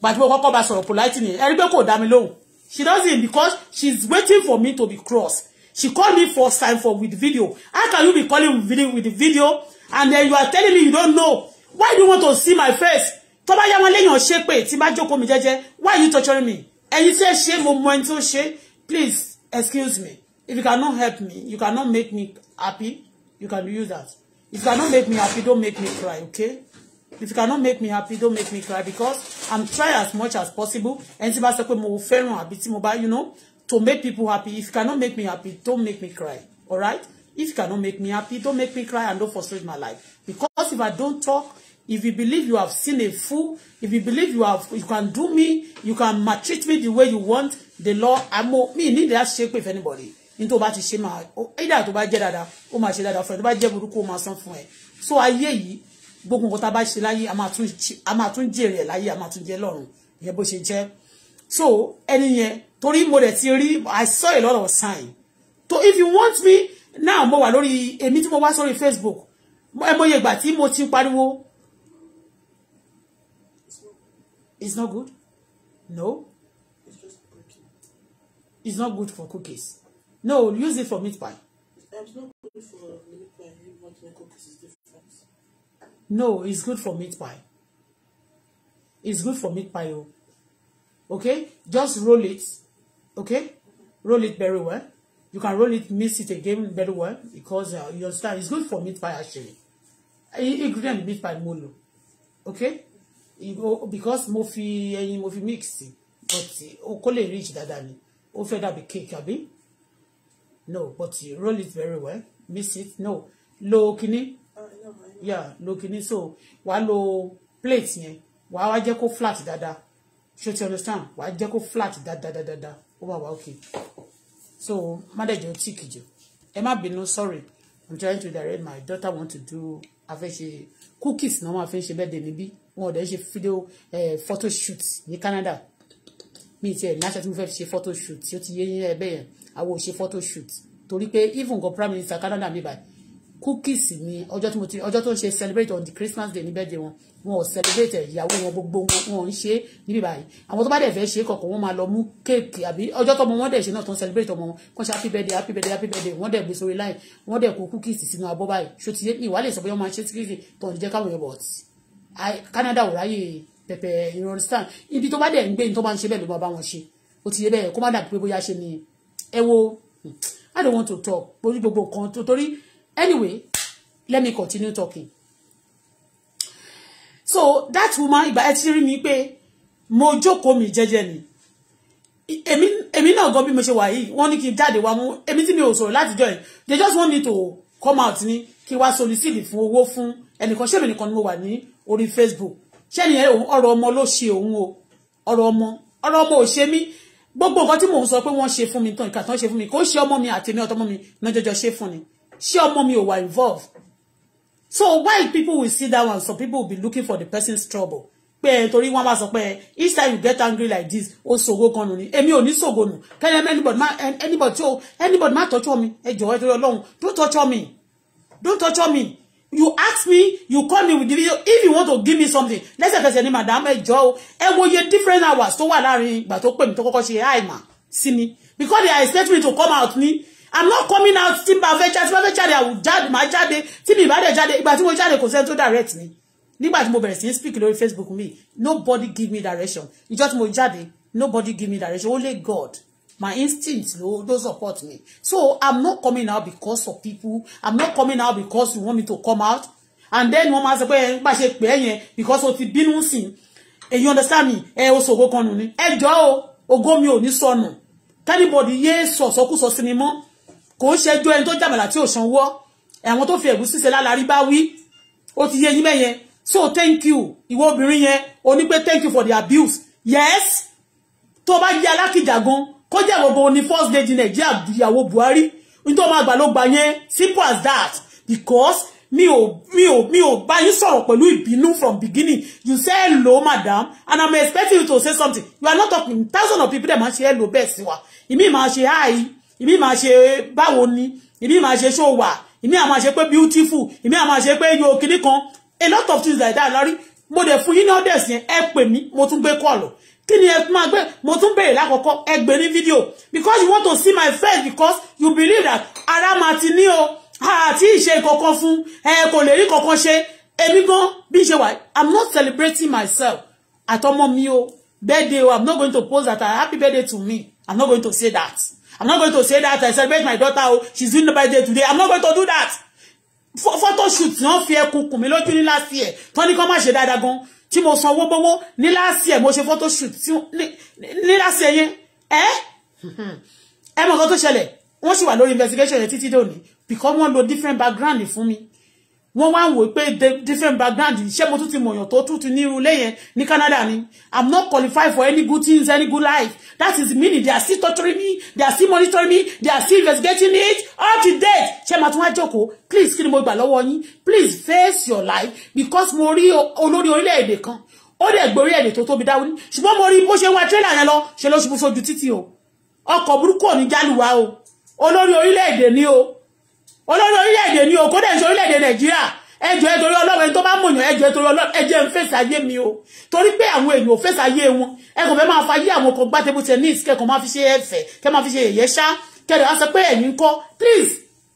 gbà tí mo kọ́kọ́ bá sọ̀rọ̀ politely yẹn ẹ rí pé kò dá mi lóhùn she doesn't because she's waiting for me to be cross she call me for sign for with video how can you be calling with video with video and then you are telling me you don't know why do you want to see my face tó bá yá wọn léèyàn ṣe pé tí bá jókòó mi jẹ́jẹ́ why you torturing me ẹ̀yin tí ẹ ṣe mo mọ ẹni tó ṣe please excuse me if you cannot help me you cannot make me happy you can use that if you cannot make me happy don't make me cry okay if you cannot make me happy don't make me cry because i'm try as much as possible ẹni tí bá sọ pé mo fẹ́ràn àbí tí mo bá you know to make people happy if you cannot make me happy don't make me cry alright if you cannot make me happy don't make me cry and don't frustrate my life because if i don't talk if you believe you have seen a fool if you believe you have you can do me you can maltreat me the way you want the law i'm me need that shape with anybody ní tó bá ti ṣe máa ìdá tó bá jẹ́ dáadáa ó máa ṣe dáadáa fún ẹ tó bá jẹ́ burúkú ó máa san fún ẹ so ayé yìí gbogbo nǹkan tá a bá ṣe láyé a máa tún jèrè ẹ̀ láyé a máa tún jẹ́ lọ́run ìyẹn bó ṣe jẹ́ so ẹni yẹn torí mo dẹ̀ ti rí i saw a lot of sign so if you want me now mo wà lórí èmi tí mo wá sórí Facebook ẹ mọ iye ìgbà tí mo ti pariwo it's not good no it's not good for cookies. No, use it for meat pie. I'm not good for meat pie. Montana cookies is different. No, it's good for meat pie. It's good for meat pie. Oh. Okay? Just roll it. Okay? Roll it very well. You can roll it, mix it again very well because uh, you understand it's good for meat pie actually. Ingredient meat pie mo Okay? Because mo fi ẹyin mo fi mix but eh, kó lè reach dáadáa ni. Ó fẹ́ dàbí cake àbí no but you roll it very well mix it no lo kini yeah lo kini so wàá lo plate yẹn wàá wá jẹ́ kó flat dáadáa ṣé o ti understand wàá jẹ́ kó flat dáadáa dáadáa ó bá wà okay so manage your tí kìjọ ẹ má bínú sorry i'm trying to direct my daughter want to do she cookies náà máa fi ń ṣe bẹ́ẹ̀ dé níbí wọn ò dẹ̀ ṣe photo shoot ní Canada mi ti ẹ̀ ní aṣọ tí mo fẹ́ fi ṣe photoshoot tí ti yé yín ẹ bẹ́ẹ̀ yẹn I will ṣe photo shoot torí pé even go prime minister Canada mi báyìí cookies ni ọjọ́ tí mo ti ọjọ́ tó ń ṣe celebrate on the Christmas day ní birthday wọn wọn ò celebrate ìyàwó wọn gbogbo wọn ò ń ṣe níbí báyìí àwọn tó bá dẹ̀ fẹ́ ṣe kọ̀ọ̀kan wọn máa lọ mú kéèkì àbí ọjọ́ tọmọ wọn dẹ̀ ṣe náà tó ń celebrate ọmọ wọn kàn ṣe happy birthday happy birthday happy birthday wọn dẹ̀ gbé sórí line wọn dẹ̀ kó cookies sínú abọ́ báyìí ṣó ti yé ní ìwálẹ̀ ìsọ̀bọ̀ yẹn máa ṣe síkírìtì tó ń jẹ́ káwọn yẹn bọ̀ Canada ò ráyè pẹ̀pẹ̀ you understand ibi tó bá dẹ̀ ń gbé ní tó máa ń ṣe bẹ́ẹ̀ ló máa bá wọn ṣe ó ti yé bẹ́ẹ̀ kó má dàbí pé bóyá ṣe ni ẹ I don't want to talk torí gbogbo nǹkan tó torí anyway let me continue talking so that woman ìgbà ẹ ti rí mi pé mo jókòó mi jẹ́jẹ́ ni èmi èmi náà gan bí mo ṣe wà yìí wọ́n ní kí n jáde wá mú èmi tí mi ò sọ̀rọ̀ látijọ́ yìí they just want me to come out ní kí wá solicit fún owó fún ẹnìkan ṣé èmi nìkan ni mo wà ní orí Facebook ṣé ẹnìyẹn ọ̀rọ̀ ọmọ ló ṣe òun o ọ̀rọ̀ ọmọ ọ̀rọ̀ ọmọ ò ṣe mí gbogbo nǹkan tí mò ń sọ pé wọ́n ṣe fún mi tán ìkà tán ṣe fún mi kò ṣe ọmọ mi àti èmi ọ̀tọ́mọ mi náà jọjọ ṣe fún ni ṣé ọmọ mi ò wà involved so why people will see that one some people will be looking for the person's trouble pé torí wọ́n bá sọ pé each time you get angry like this ó ṣògo kan nù ni èmi ò ní ṣògo nù kẹ́lẹ́ anybody má anybody tó anybody má tọ́jú mi ẹ jọ̀wọ́ ẹ torí ọlọ́run don't touch me don't touch me you ask me you call me with the video if you want to give me something lẹ́sẹ̀kẹsẹ̀ ni madam ẹ jọ̀ọ́ o ẹ wo iye different hours tó wà láàrin ìgbà tó pè mí tó kọ́kọ́ ṣe àìmà sí mi because they are expecting me to come out me. i'm not coming out tí bá fẹ́ jáde tí bá fẹ́ jáde àwọn jáde máa by tí judge, but dẹ̀ jáde ìgbà tí mo jáde direct mi nígbà tí mo speak lórí facebook me. nobody give me direction ìjọ́ just mo judge. nobody give me direction only god my instinct no don't support me so i'm not coming out because of people i'm not coming out because you want me to come out and then wọ́n máa sọ pé bá ṣe pè é because o ti bínú sí i you understand me Eh, o ṣògo kan nù ni ẹ jọ o ògo mi ò ní sọnù kẹ́nìbọ̀dì so sọ̀sọ́kùsọ sinimọ́ kò ń ṣẹjọ́ ẹni tó jàmàlà tí ò sanwó àwọn tó fi ẹ̀gúsí ṣe lálárí bá wí ó ti yé yín mẹ́yẹn so thank you ìwọ obìnrin yẹn o ní pé thank you for the abuse yes To bá yẹ alákìjà gan kó jẹ́ gbogbo ní first lady Nigeria ìyàwó Buhari nítorí máa gbà ló gbà yẹn simple as that because mi ò mi ò mi ò bá yín sọ̀rọ̀ pẹ̀lú ìbínú from beginning you say hello madam and i'm expecting you to say something you are not talking thousands of people dem máa ṣe hello bẹ́ẹ̀ sí wa ìmí máa ṣe hi ìmí máa ṣe báwo ni ìmí máa ṣe show wa ìmí á máa ṣe pé beautiful ìmí á máa ṣe pé yo kini kan a lot of things like that lórí mo dẹ̀ fún yín ní orders yẹn ẹ pè mí mo tún gbé call kí ni ẹ máa gbé mo tún béèrè lákọ̀ọ́kọ́ ẹ gbé ní fídíò because you want to see my face because you believe that ara máa ti ní o àti ìṣe kankan fún ẹ kò lè rí kankan ṣe èmi gan bí ṣe wà i'm not celebrating myself àtọmọ mi o birthday o i'm not going to post that happy birthday to me i'm not going to say that i'm not going to say that i celebrate my daughter oh, she's doing the birthday today i'm not going to do that photoshoot náà fi ẹkùn kùn mí lójú ní last year tọ́ni kan má ṣe dáadáa gan tí mo sanwó gbówó ní láàsì ẹ̀ mo ṣe photoshoot ní láàsì ẹ̀ yẹn ẹ́ ẹ mọ̀ nǹkan tó ṣẹlẹ̀ wọ́n sì wà lórí investigation yẹn títí dòní because wọ́n lo different background fún mi wọ́n wá ń wò pé different background ṣé mo tún ti mọ̀yàn tó tún ti nírú lẹ́yìn ní Canada ni I'm not qualified for any good things any good life that is meaning they are still torturing me they are still monitoring me they are still investigating it up to date ṣé màá tún wá jókòó please kí ni mo gbà lọ́wọ́ yín please face your life because mo rí olórí orílẹ̀-èdè kan ó dẹ̀ gborí èdè tó tóbi dáwọ́ ní ṣùgbọ́n mo rí bó ṣe wá tírélà yẹn lọ ṣe ló ṣubú sójú títì o ọkọ̀ burúkú ò ní jálùwá o olórí orílẹ̀-èdè ni o olórí orílẹ̀-èdè ni o kó dẹ̀ ń ṣe orílẹ̀-èdè nàìjíríà ẹjọ́ ẹtorí ọlọ́run ẹni tó bá mọ̀ yàn ẹjọ́ ẹtorí ọlọ́run ẹjẹ́ ń fèsì ayé mi o torí pé àwọn èèyàn ò fèsì ayé wọn ẹ kò fẹ́ máa fa ayé àwọn kan gbá table tennis kẹ́kọ̀ọ́ máa fi ṣe ẹ̀fẹ̀ kẹ́ máa fi ṣe yẹ̀yẹ́ ṣá kẹ́rẹ̀ á sọ pé ẹ̀yin kọ́ please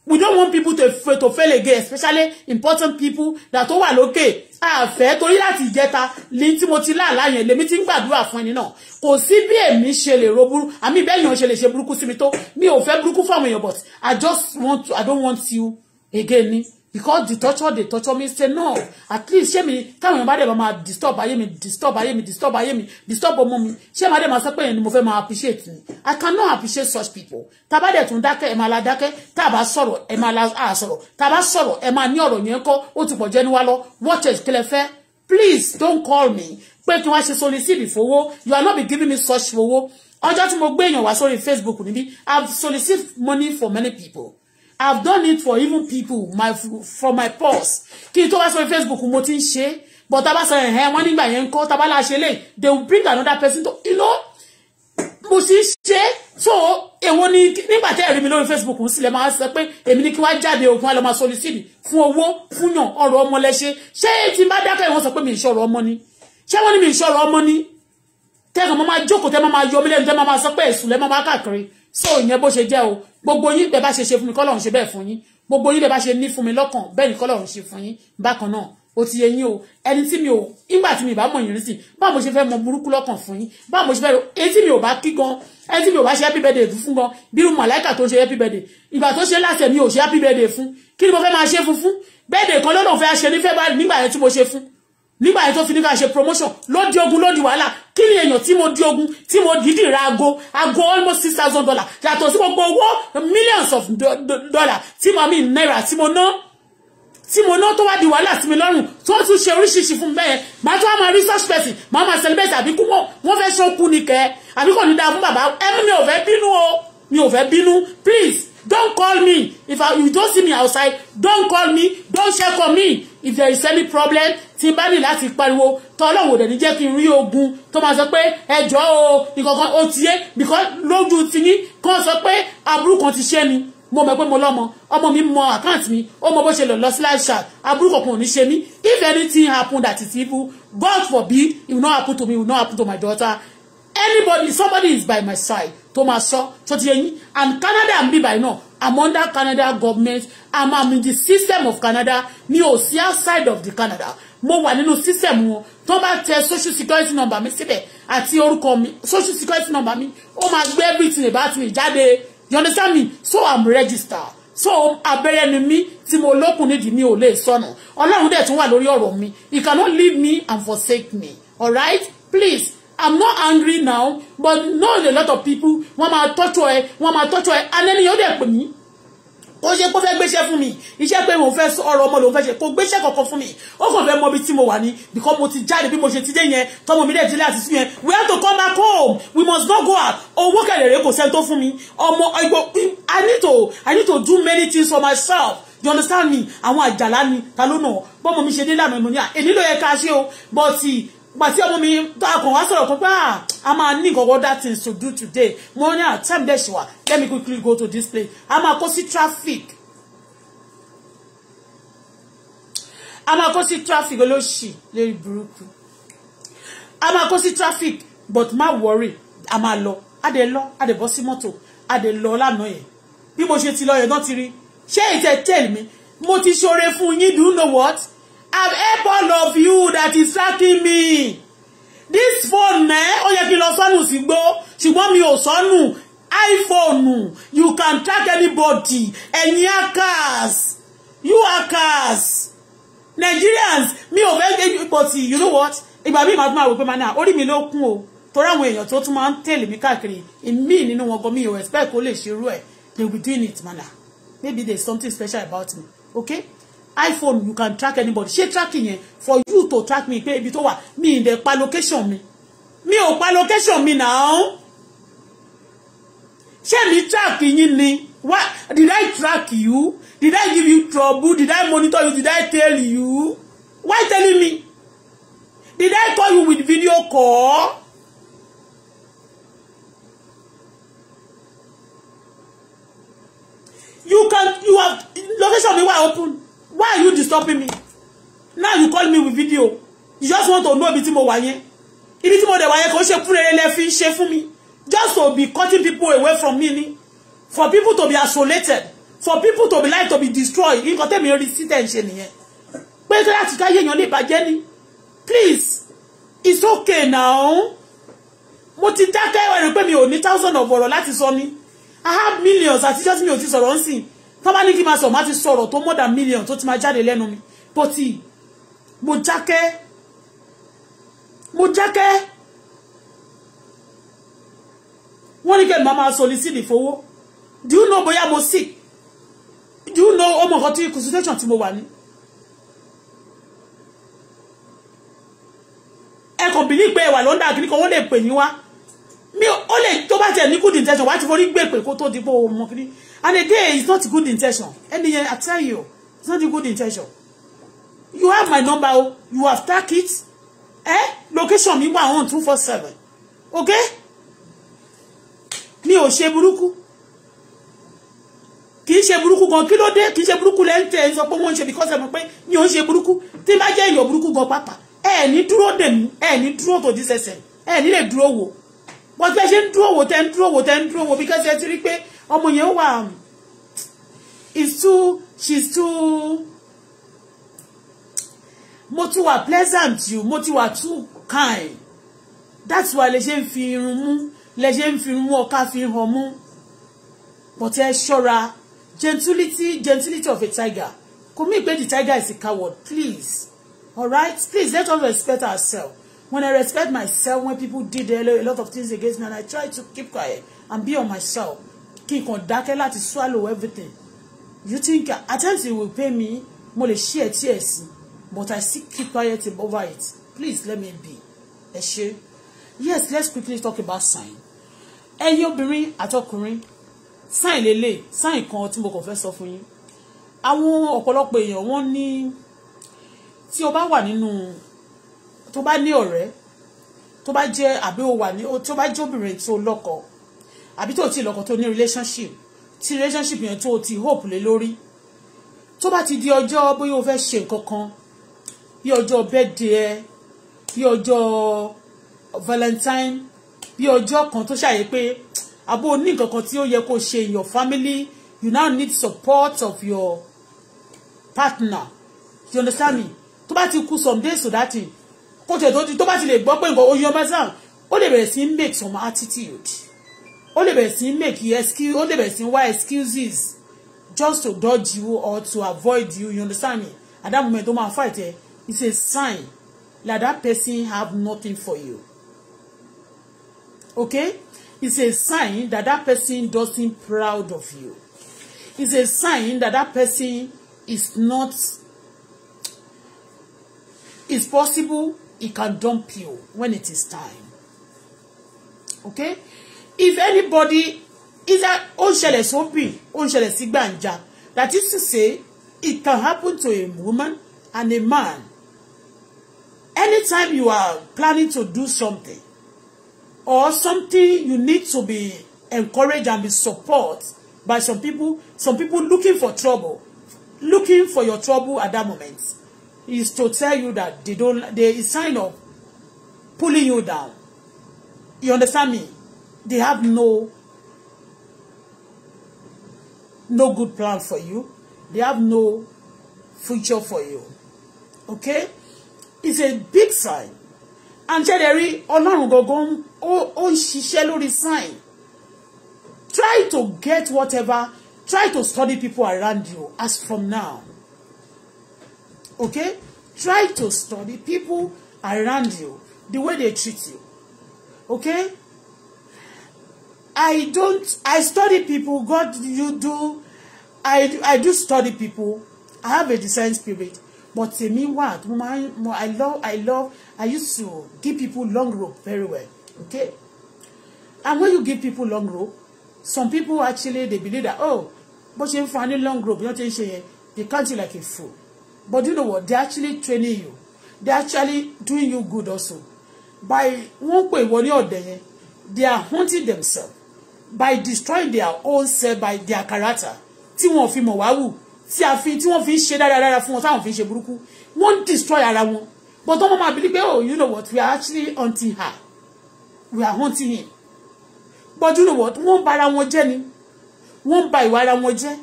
we don't want people to fail to fail again especially important people that tó wà okay. àfẹ́ torí láti ìjẹta ní tí mo ti láàlá yẹn lèmi ti ń gbàdúrà fún ẹni náà kò sí bí èmi ṣe lè ro burú àmì bẹ́ẹ̀ yàn ṣe lè ṣe burúkú sí mi tó mi ò fẹ́ burúkú fún but i just want to i don't want you again ni because the torture dey torture me say no at least ṣé mi táwọn bá dẹ̀ bá máa disturb ayé mi disturb ayé mi disturb ayé mi disturb ọmọ mi ṣé màá dẹ̀ máa sọ pé ẹni mo fẹ́ máa appreciate ni i cannot appreciate such people tá a bá dẹ̀ tún dákẹ́ ẹ̀ máa la dákẹ́ tá a bá sọ̀rọ̀ ẹ̀ máa la a sọ̀rọ̀ tá a sọ̀rọ̀ ẹ̀ máa ní ọ̀rọ̀ yẹn kọ́ ó ti pọ̀ jẹ́ ní wa lọ watch it kílẹ̀ fẹ́ please don't call me pé kí wọ́n ṣe solicit fowó you are not be giving me such fowó ọjọ́ tí mo gbé èèyàn wá sórí Facebook níbí i have solicit money for many people I've done it for even people my from my purse kí n tó wá Facebook mo ti ń but tá a bá sọ ẹ̀hẹ́ wọ́n nígbà yẹn ń kọ́ tá a bá láṣẹ they will bring another person to you know mo ti ń so èwo ni nígbà te ẹ̀rí mi lórí Facebook ń sílẹ̀ máa ń sọ pé èmi ni kí wá jáde òkun wa lọ máa solicit fún owó fún yàn ọ̀rọ̀ ọmọ lẹ́ṣẹ́ ṣé tí n bá dákẹ́ ìwọ́n sọ pé mi ìṣọ̀rọ̀ ọmọ ni ṣé wọ́n ní mi ìṣọ̀rọ̀ ọmọ ni tẹ́gàn mo máa jókòó tẹ́ máa yọ mí lẹ́nu tẹ́ máa sọ pé ẹ̀sùn lẹ́ máa wá káàkiri so ìyẹn bó ṣe jẹ́ o gbogbo yín bẹ́ẹ̀ bá ṣe ṣe fún mi kọ́lọ́run ṣe bẹ́ẹ̀ fún yín gbogbo yín bẹ́ẹ̀ bá ṣe ní fún mi lọ́kàn bẹ́ẹ̀ ni kọ́lọ́run ṣe fún yín bákan náà ó ti yé yín o ẹni tí mi ò nígbà tí mi bá mọ̀ yín rí sí báwo mo ṣe fẹ́ mọ burúkú lọ́kàn fún yín báwo mo ṣe fẹ́ etí mi ò bá kí gan ẹni tí mi ò bá ṣe happy birthday fún gan bírú màláìkà tó ṣe happy birthday ìgbà tó ṣe láṣẹ mi ò ṣe happy birthday fún kí ni mo fẹ́ máa ṣe fún fún birthday kan lọ́dọ̀ fẹ́ ṣe ní February nígbà yẹn tí mo ṣe fún nígbà yẹn tó fi ní ṣe promotion ló di ogun ló di wàhálà kí ni èèyàn tí mo di ogun tí mo dídì ra ago ago almost six thousand dollars yàtọ̀ sí gbogbo owó millions of dollars tí màmí náírà tí mo ná. No tí mo ná tó wá di wàhálà sí mi lọ́rùn tó tún ṣe oríṣiríṣi fún bẹ́ẹ̀ máa tó wá máa research person máa máa celebrate àbí kú wọ́n fẹ́ ṣókú ni kẹ́ àbí kò ní dáa fún bàbá ẹ mi ò fẹ́ bínú o mi ò fẹ́ bínú please Don't call me. If I, you don't see me outside, don't call me. Don't check on me. If there is any problem, tí n bá ní láti pariwo, tọ́lọ́wò dẹ̀ ní jẹ́ kí n rí ogun tó máa sọ pé ẹjọ́ o, ìkọ̀kan ó ti yé, because lójú ti ní, kàn sọ pé aburú kan ti ṣe mi. Mo mọ̀ pé mo lọ́mọ, ọmọ mi mọ àkáǹtì mi, ó mọ bó ṣe lọ lọ sí láìsà, aburú kankan ò ní ṣe mí. If anything happen that is evil, God forbid, it will not happen to me, it will not happen to my daughter, anybody somebody is by my side tó máa sọ tó and Canada and me, by náà I'm under Canada government I'm, I'm in the system of Canada Me o sí outside of the Canada mo wà nínú system wọn tó bá tẹ social security number mi síbẹ̀ Ati orúkọ mi social security number mi O ma gbé everything about me Jade, you understand me so I'm registered so abẹ́rẹ́ ni mí tí mo lókun nídìí mi ò lè sọnù ọlọ́run dẹ̀ tún wà lórí ọ̀rọ̀ mi he cannot leave me and forsake me All right, please i'm not angry now but know a lot of people wọ́n máa tọ́jú ẹ wọ́n máa tọ́jú ẹ anẹ́ni yóò dẹ̀ pè mí ó ṣe kó fẹ́ gbéṣẹ́ fún mi iṣẹ́ pé mo fẹ́ ọ̀rọ̀ ọmọ lòun fẹ́ ṣe kó gbéṣẹ́ kankan fún mi ó kàn fẹ́ mọ ibi tí mo wà ní because mo ti jáde bí mo ṣe ti dé yẹn tọmọ mi dẹ̀ dílé àti sún yẹn we have to come back home we must not go out owó kẹlẹ̀rẹ́ kò sẹ́ni tó fún mi ọmọ ẹgbẹ́ i need to i need to do many things for myself you understand me àwọn àjàlá ni ta ló nà bọ́mọ mi ṣe dé lánàá ìmọ̀ ní à èyí ló yẹ ká ṣe o but gbà tí ọmọ mi akọ̀ wá sọ̀rọ̀ tó pé ah, a máa ní nǹkan other things to do today mo ní àtẹ́m ah, dẹ̀ ṣe wà let me quickly go to this place a máa kó sí traffic a máa kó sí traffic olóṣì lórí burúkú a máa kó sí traffic but má worry a máa lọ a dẹ̀ lọ a dẹ̀ bọ́ sí mọ́tò a dẹ̀ lọ lánàá yẹn bí mo ṣe ti lọ yẹn náà ti rí ṣé ìtẹ́ tẹ́lẹ̀ mi mo ti ṣoore fún yín do you know what and help all of you that is tracking me this phone ẹ eh, ó yẹ kí n lọ sọnù sígbó ṣùgbọ́n mi ò sọnù iPhone you can track anybody ẹ̀yin hackers you hackers Nigerians mi ò fẹ́ but you know what ìgbà mi ìmọ̀tún máa wò pé máa náà ah, orí mi ló kún o torí àwọn èèyàn tó tún máa ń tẹ̀lé mi káàkiri ìmí nínú wọn gan mi ò expect kó lè ṣerú ẹ̀ they will be doing it mana maybe there's something special about me okay iphone you can track anybody ṣé tracking yẹn for you to track me pé ibi tó wà mi ì dẹ̀ pa location mi mi ò pa location mi náà ṣé mi track yín ni why did i track you did i give you trouble did i monitor you did i tell you why telling me did i call you with video call. you can you have location mi wà open why are you disturbing me now you call me with video you just want to know ibi tí mo wà yẹn ibi tí mo dẹ̀ wà yẹn kò ṣe fún rere lẹ fi ṣe fún mi just to be cutting people away from me ni for people to be isolated for people to be like to be destroyed nǹkan tẹ̀mí rí sí tẹ̀ ń ṣe nìyẹn pé kí láti ká yéèyàn lè bàjẹ́ ni please it's okay now mo ti dákẹ́ ẹ̀rù pé mi ò ní thousand of ọ̀rọ̀ láti sọ ni i have millions àtijọ́ just mi ò ti sọ̀rọ̀ ń sìn tó bá ní kí n máa sọ má ti sọ̀rọ̀ tó more than million tó ti máa jáde lẹ́nu mi bọ́tì mo jákẹ́ mo jákẹ́ wọ́n ní kẹ́mi máa máa solicit ìfowó do you know bóyá mo sick do you know ọmọ nǹkan tí consultation tí mo wà ní. ẹ kàn bí ní pé ẹwà lọ́ndà kìíní kan wọ́n lè pè yín wá mi ò lè tó bá tiẹ̀ ní good wá ti forí gbèpè kó tó di pé òun mọ kìíní And again, it's not a good intention. And again, I tell you, it's not a good intention. You have my number, oh. you have tag it. Eh? Location One One Two Four Seven. Okay? Mi ò ṣe burúkú. Kì í ṣe burúkú gan kí ló dé? Kì í ṣe burúkú lẹ́ ń tẹ̀ sọ because ẹ mọ̀ pé mi ò ń ṣe burúkú. Tí bá jẹ́ èèyàn burúkú gan pàápàá. Ẹ ní dúró dè mí, ẹ ní dúró tòdí sẹsẹ̀, ẹ ní lè dúró wò. Bọ́sẹ̀ ṣe ń dúró wò tẹ́ ń dúró wò tẹ́ ń dúró because ẹ ti rí pé ọmọ yẹn wà is too she's too mo tún wà pleasant you mo ti wà too kind that's why lè ṣe ń fi irun mú lè ṣe ń fi irun mú ọ̀ka fi hàn mú but ẹ ṣọ́ra gentility gentility of a tiger kò mí pé the tiger is a coward please alright please let us respect ourselves when I respect myself when people did a lot of things against me and I try to keep quiet and be on myself kí n kàn dákẹ́ láti swallow everything you think at times you will pay me mo lè ṣí ẹtí ẹ sí but I still keep quiet over it please let me be ẹ ṣe yes let's quickly talk about sign ẹ̀yin obìnrin àtọkùnrin sign lélẹ̀ sign kan tí mo kàn fẹ́ sọ fún yín àwọn ọ̀pọ̀lọpọ̀ èèyàn wọ́n ní tí o bá wà nínú tó bá ní ọ̀rẹ́ tó bá jẹ́ àbí o wà ní tó bá jẹ́ obìnrin tó lọ́kọ àbí tó ti lọ́kọ tó ní relationship tí relationship yẹn tó ti hope lé lórí tó bá ti di ọjọ́ bóyá o fẹ́ ṣe nǹkan kan bí ọjọ́ birthday ẹ bí ọjọ́ valentine bí ọjọ́ kan tó ṣàyẹ pé àbó o ní nǹkan kan tí ó yẹ kó ṣe in your family you now need support of your partner you understand me tó bá ti kú some days to that thing kó tẹ̀ tó ti tó bá ti lè gbọ́ pé nǹkan oyún ọba sáà ó lè bẹ̀rẹ̀ sí make some attitude ó lè bẹ̀rẹ̀ sí make excuse ó lè bẹ̀rẹ̀ sí wá excuses just to dodge you or to avoid you you understand me at that moment ó máa fight ẹ it's a sign that that person have nothing for you okay it's a sign that that person doesn't proud of you it's a sign that that person is not it's possible he can dump you when it is time okay if anybody either ó ń ṣẹlẹ̀ sóbì ó ń ṣẹlẹ̀ sí gbàǹjà that is to say it can happen to a woman and a man anytime you are planning to do something or something you need to be encouraged and be support by some people some people looking for trouble looking for your trouble at that moment is to tell you that they don't They is sign of pulling you down you understand me They have no no good plan for you. They have no future for you. Okay? It's a big sign. And Chederi, Ọlọ́run gogon, ó ń ṣiṣẹ́ lórí sign. Try to get whatever, try to study people around you as from now. Okay? Try to study people around you, the way they treat you. Okay? I don't, I study people. God, you do. I, I do study people. I have a design spirit. But tèmi wà, mo máa, I love, I love, I used to give people long rope very well. Okay? And when you give people long rope, some people actually, they believe that, oh, but you ń fún long rope, You ṣe ń they count you like a fool. But you know what? They're actually training you. They're actually doing you good also. By one way, one ní they are hunting themselves by destroying their own self by their character tí wọn fi mọ̀ wá wù tí a fi tí wọ́n fi ń ṣe dáradára fún wọn táwọn fi ṣe burúkú wọ́n destroy ara wọn but wọ́n máa bí pé oh you know what we are actually hunting her we are hunting him but you know what wọ́n bà ara wọn jẹ́ ni wọ́n bà ìwà ara wọn jẹ́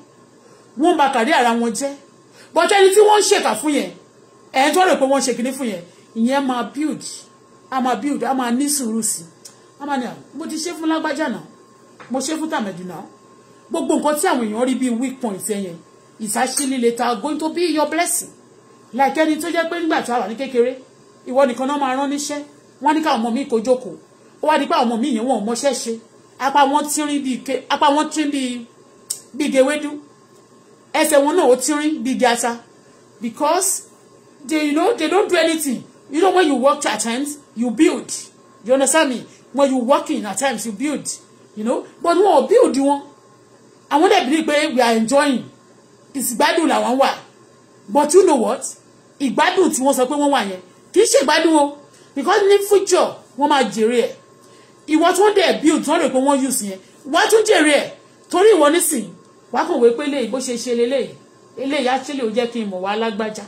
wọ́n bà kàrí ara wọn jẹ́ but ẹni tí wọ́n ń ṣèkà fún yẹn ẹni tó rò pé wọ́n ń ṣe kinní fún yẹn ìyẹn máa build a máa build a máa ní sùúrù sí a máa ní àwọn ah, mo ti ṣe fún lágbájá náà mo ṣe fún tàmẹ̀dù náà gbogbo nǹkan tí àwọn èèyàn rí bíi weak point ẹ̀yẹn ìsáṣílì later going to be your blessing like ẹni tó jẹ́ pé nígbà tí a wà ní kékeré ìwọ nìkan náà máa rán níṣẹ́ wọ́n ní káwọn ọmọ mi kó jókòó ó wá di pé àwọn ọmọ mi yẹn wọn ò mọṣẹ́ ṣe apá wọn tínrín bíi ké apá wọn tínrín bíi bíi ẹsẹ̀ wọn náà ó tínrín bíi gata because they you know they don't do anything you know when you work at times you build you understand me when you work in at times you build you know but wọn ò build wọn àwọn dẹ̀ bìí pé we are enjoying ìsìgbádùn làwọn wà but you know what ìgbádùn tí wọ́n sọ pé wọ́n wà yẹn kì í ṣe ìgbádùn o because ní future wọ́n máa jèrè ẹ̀ ìwọ tí wọ́n dẹ̀ build tí wọ́n rò pé wọ́n use yẹn wá tún jèrè ẹ̀ torí ìwọ nísìnyí wàá kàn wé pé eléyìí bó ṣe ṣe leléyìí eléyìí á ṣẹlẹ̀ ó jẹ́ kí n mọ̀ wá lágbájá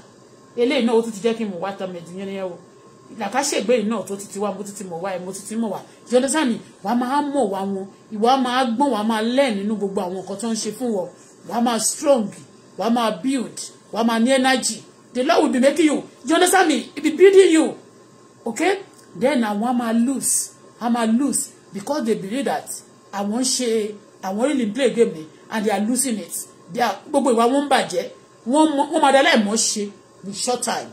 eléyìí náà ó tún ti jẹ́ kí n mọ̀ wá tàmẹ̀dì yẹn yẹn wò làkàṣe ìgbé yìí náà tó ti ti wá mo ti ti mọ̀ wá ẹ̀ mo ti ti mọ̀ wá you understand mi wàá máa mọ̀ wá wọn ìwà máa gbọ́n wàá máa learn nínú gbogbo àwọn nǹkan tó ń ṣe fún wọn wàá máa strong wàá máa build wàá máa ní energy the Lord will be making you you understand me he be building you okay then àwọn á máa lose á máa lose because they believe that àwọn ṣe àwọn really play game ni and they are losing it they are gbogbo ìwà wọn ń bàjẹ́ wọ́n máa dalẹ́ mọ́ ṣe in short time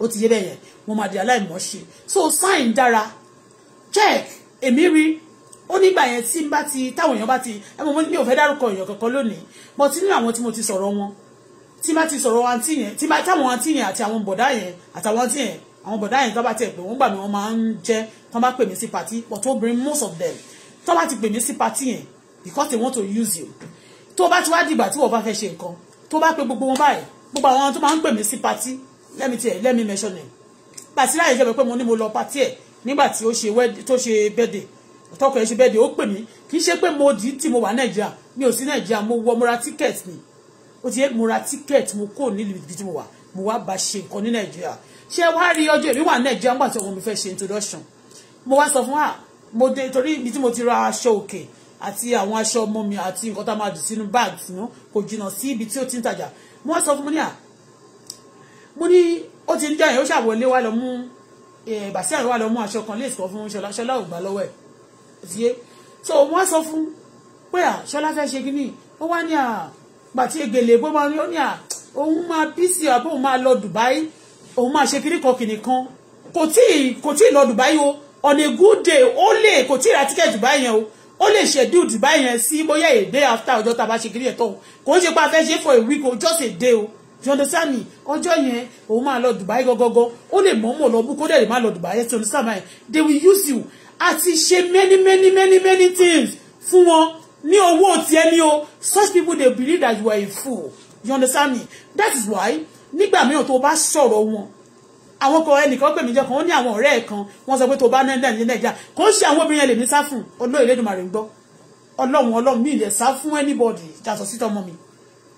ó ti yé bẹ́ẹ̀ yẹn wọ́n máa di aláìmọ̀ọ́ṣe so sign dára check èmi rí ó nígbà yẹn tí n bá ti táwọn èèyàn bá ti ẹ mọ̀ mi ò fẹ́ dárúkọ èèyàn kankan lónìí but nínú àwọn tí mo ti sọ̀rọ̀ wọn tí bá ti sọ̀rọ̀ àǹtí yẹn tí bá táwọn àǹtí yẹn àti àwọn bọ̀dá yẹn àtàwọn àǹtí yẹn àwọn bọ̀dá yẹn tó bá tiẹ̀ pé wọ́n gbà mí wọ́n máa ń jẹ́ tó bá pè mí sí party but bring most of them tó bá ti pè mí sí party yẹn because they want to use you tó bá ti wá dìgbà tí wọ́n bá fẹ́ ṣe nǹkan tó bá pe gbogbo wọn báyìí gbogbo àwọn tó máa ń pè mí sí party let me tell let me mention him But yìí I pé mo ní mo lọ pàtí ẹ̀ nígbà tí ó she tó ṣe bẹ́ẹ̀dẹ̀ tọkọ ẹ̀ ṣe bẹ́ẹ̀dẹ̀ ó pè mí kì í ṣe pé mo dì í tí mo wà Nàìjíríà mi ò sí Nàìjíríà mo wọ mo ra ticket ni ó ti yẹ mo ra ticket mo kò nílùú ibi tí mo wà mo wá bá ṣe nǹkan ní Nàìjíríà ṣé wàá rí ọjọ́ èmi wà Nàìjíríà nígbà tí introduction mo wá sọ fún wa ah, mo dé torí ibi tí mo ti ra aṣọ òkè àti àwọn aṣọ ọmọ a máa dì sínú báàgì sínú kò jìnnà sí ibi tí ó ti ń tajà mo wá sọ fún mi ní à mo ní ó ti ń jẹ́ yẹn ó ṣàwọlé wa lọ mú bàṣẹ àríwá lọ mú aṣọ kan léèsì kan fún ṣọlá ṣọlá ò gbà lọ́wọ́ ẹ̀ ti yé so wọ́n sọ fún pé à ṣọlá fẹ́ ṣe kínní ó wá ní à gbàtí egèlè bó máa ní ó ní à òun máa bísí àbó òun máa lọ Dubai òun máa ṣe kínní kan kínní kan kò tí kò tí lọ Dubai o on a good day ó lè kò tí ra ticket Dubai yẹn o ó lè schedule Dubai yẹn sí bóyá a day after ọjọ́ tá a bá ṣe kínní ẹ̀ tó kò ń ṣe pé a fẹ́ ṣe for a week o just a day o you understand me ọjọ́ yẹn òun máa lọ Dubai gọ́gọ́gọ́ ó lè mọ́mọ́ lọ bú kó dẹ̀ lè má lọ Dubai ẹ̀ tí understand me they will use you àti ṣe many many many many things fún wọn ní owó tiẹ̀ ní o such people dey believe that you are a fool you understand me that is why nígbà mìíràn tó bá sọ̀rọ̀ wọn àwọn kan ẹnìkan pè mí jẹ́ kan ó ní àwọn ọ̀rẹ́ ẹ̀ kan wọ́n sọ pé tó bá nàìjíríà ní nàìjíríà kò ń ṣe àwọn obìnrin yẹn lè mí sá fún olóyè lẹ́dùnmarè ń gbọ́ ọlọ́run ọlọ́run mi lè sá fún anybody yàtọ̀ sí tọmọ mi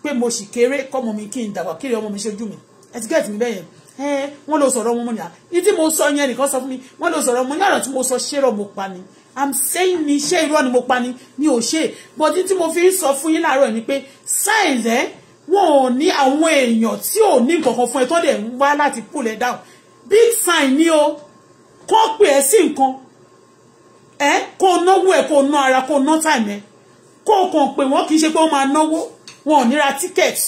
pé mo sì kéré kọ́mọ mi kí n dàgbà kéré ọmọ mi ṣojú mi ẹ ti gẹ́ẹ̀tì mi bẹ́ẹ̀ yẹn ẹ wọ́n lọ sọ̀rọ̀ ọmọ mi nà ní tí mo sọ yẹn nìkan sọ fún mi wọ́n lọ sọ̀rọ̀ ọmọ ní ọ̀rọ̀ tí mo sọ ṣé rọ mo pa ni i'm saying ni ṣé irọ́ ni mo pa ni mi ò ṣe but ní tí mo fi ń sọ fún yín láàárọ̀ ni pé signs ẹ eh, wọn ò ní àwọn èèyàn tí ò ní nǹkan fún ẹ tó dẹ̀ ń wá láti pull ẹ down big sign ni o kó pè ẹ sí nǹkan ẹ eh, kó náwó ẹ kó ná ara kó ná time ẹ kó kàn pé wọn kì í ṣe pé wọn máa náwó wọn ò ní ra ticket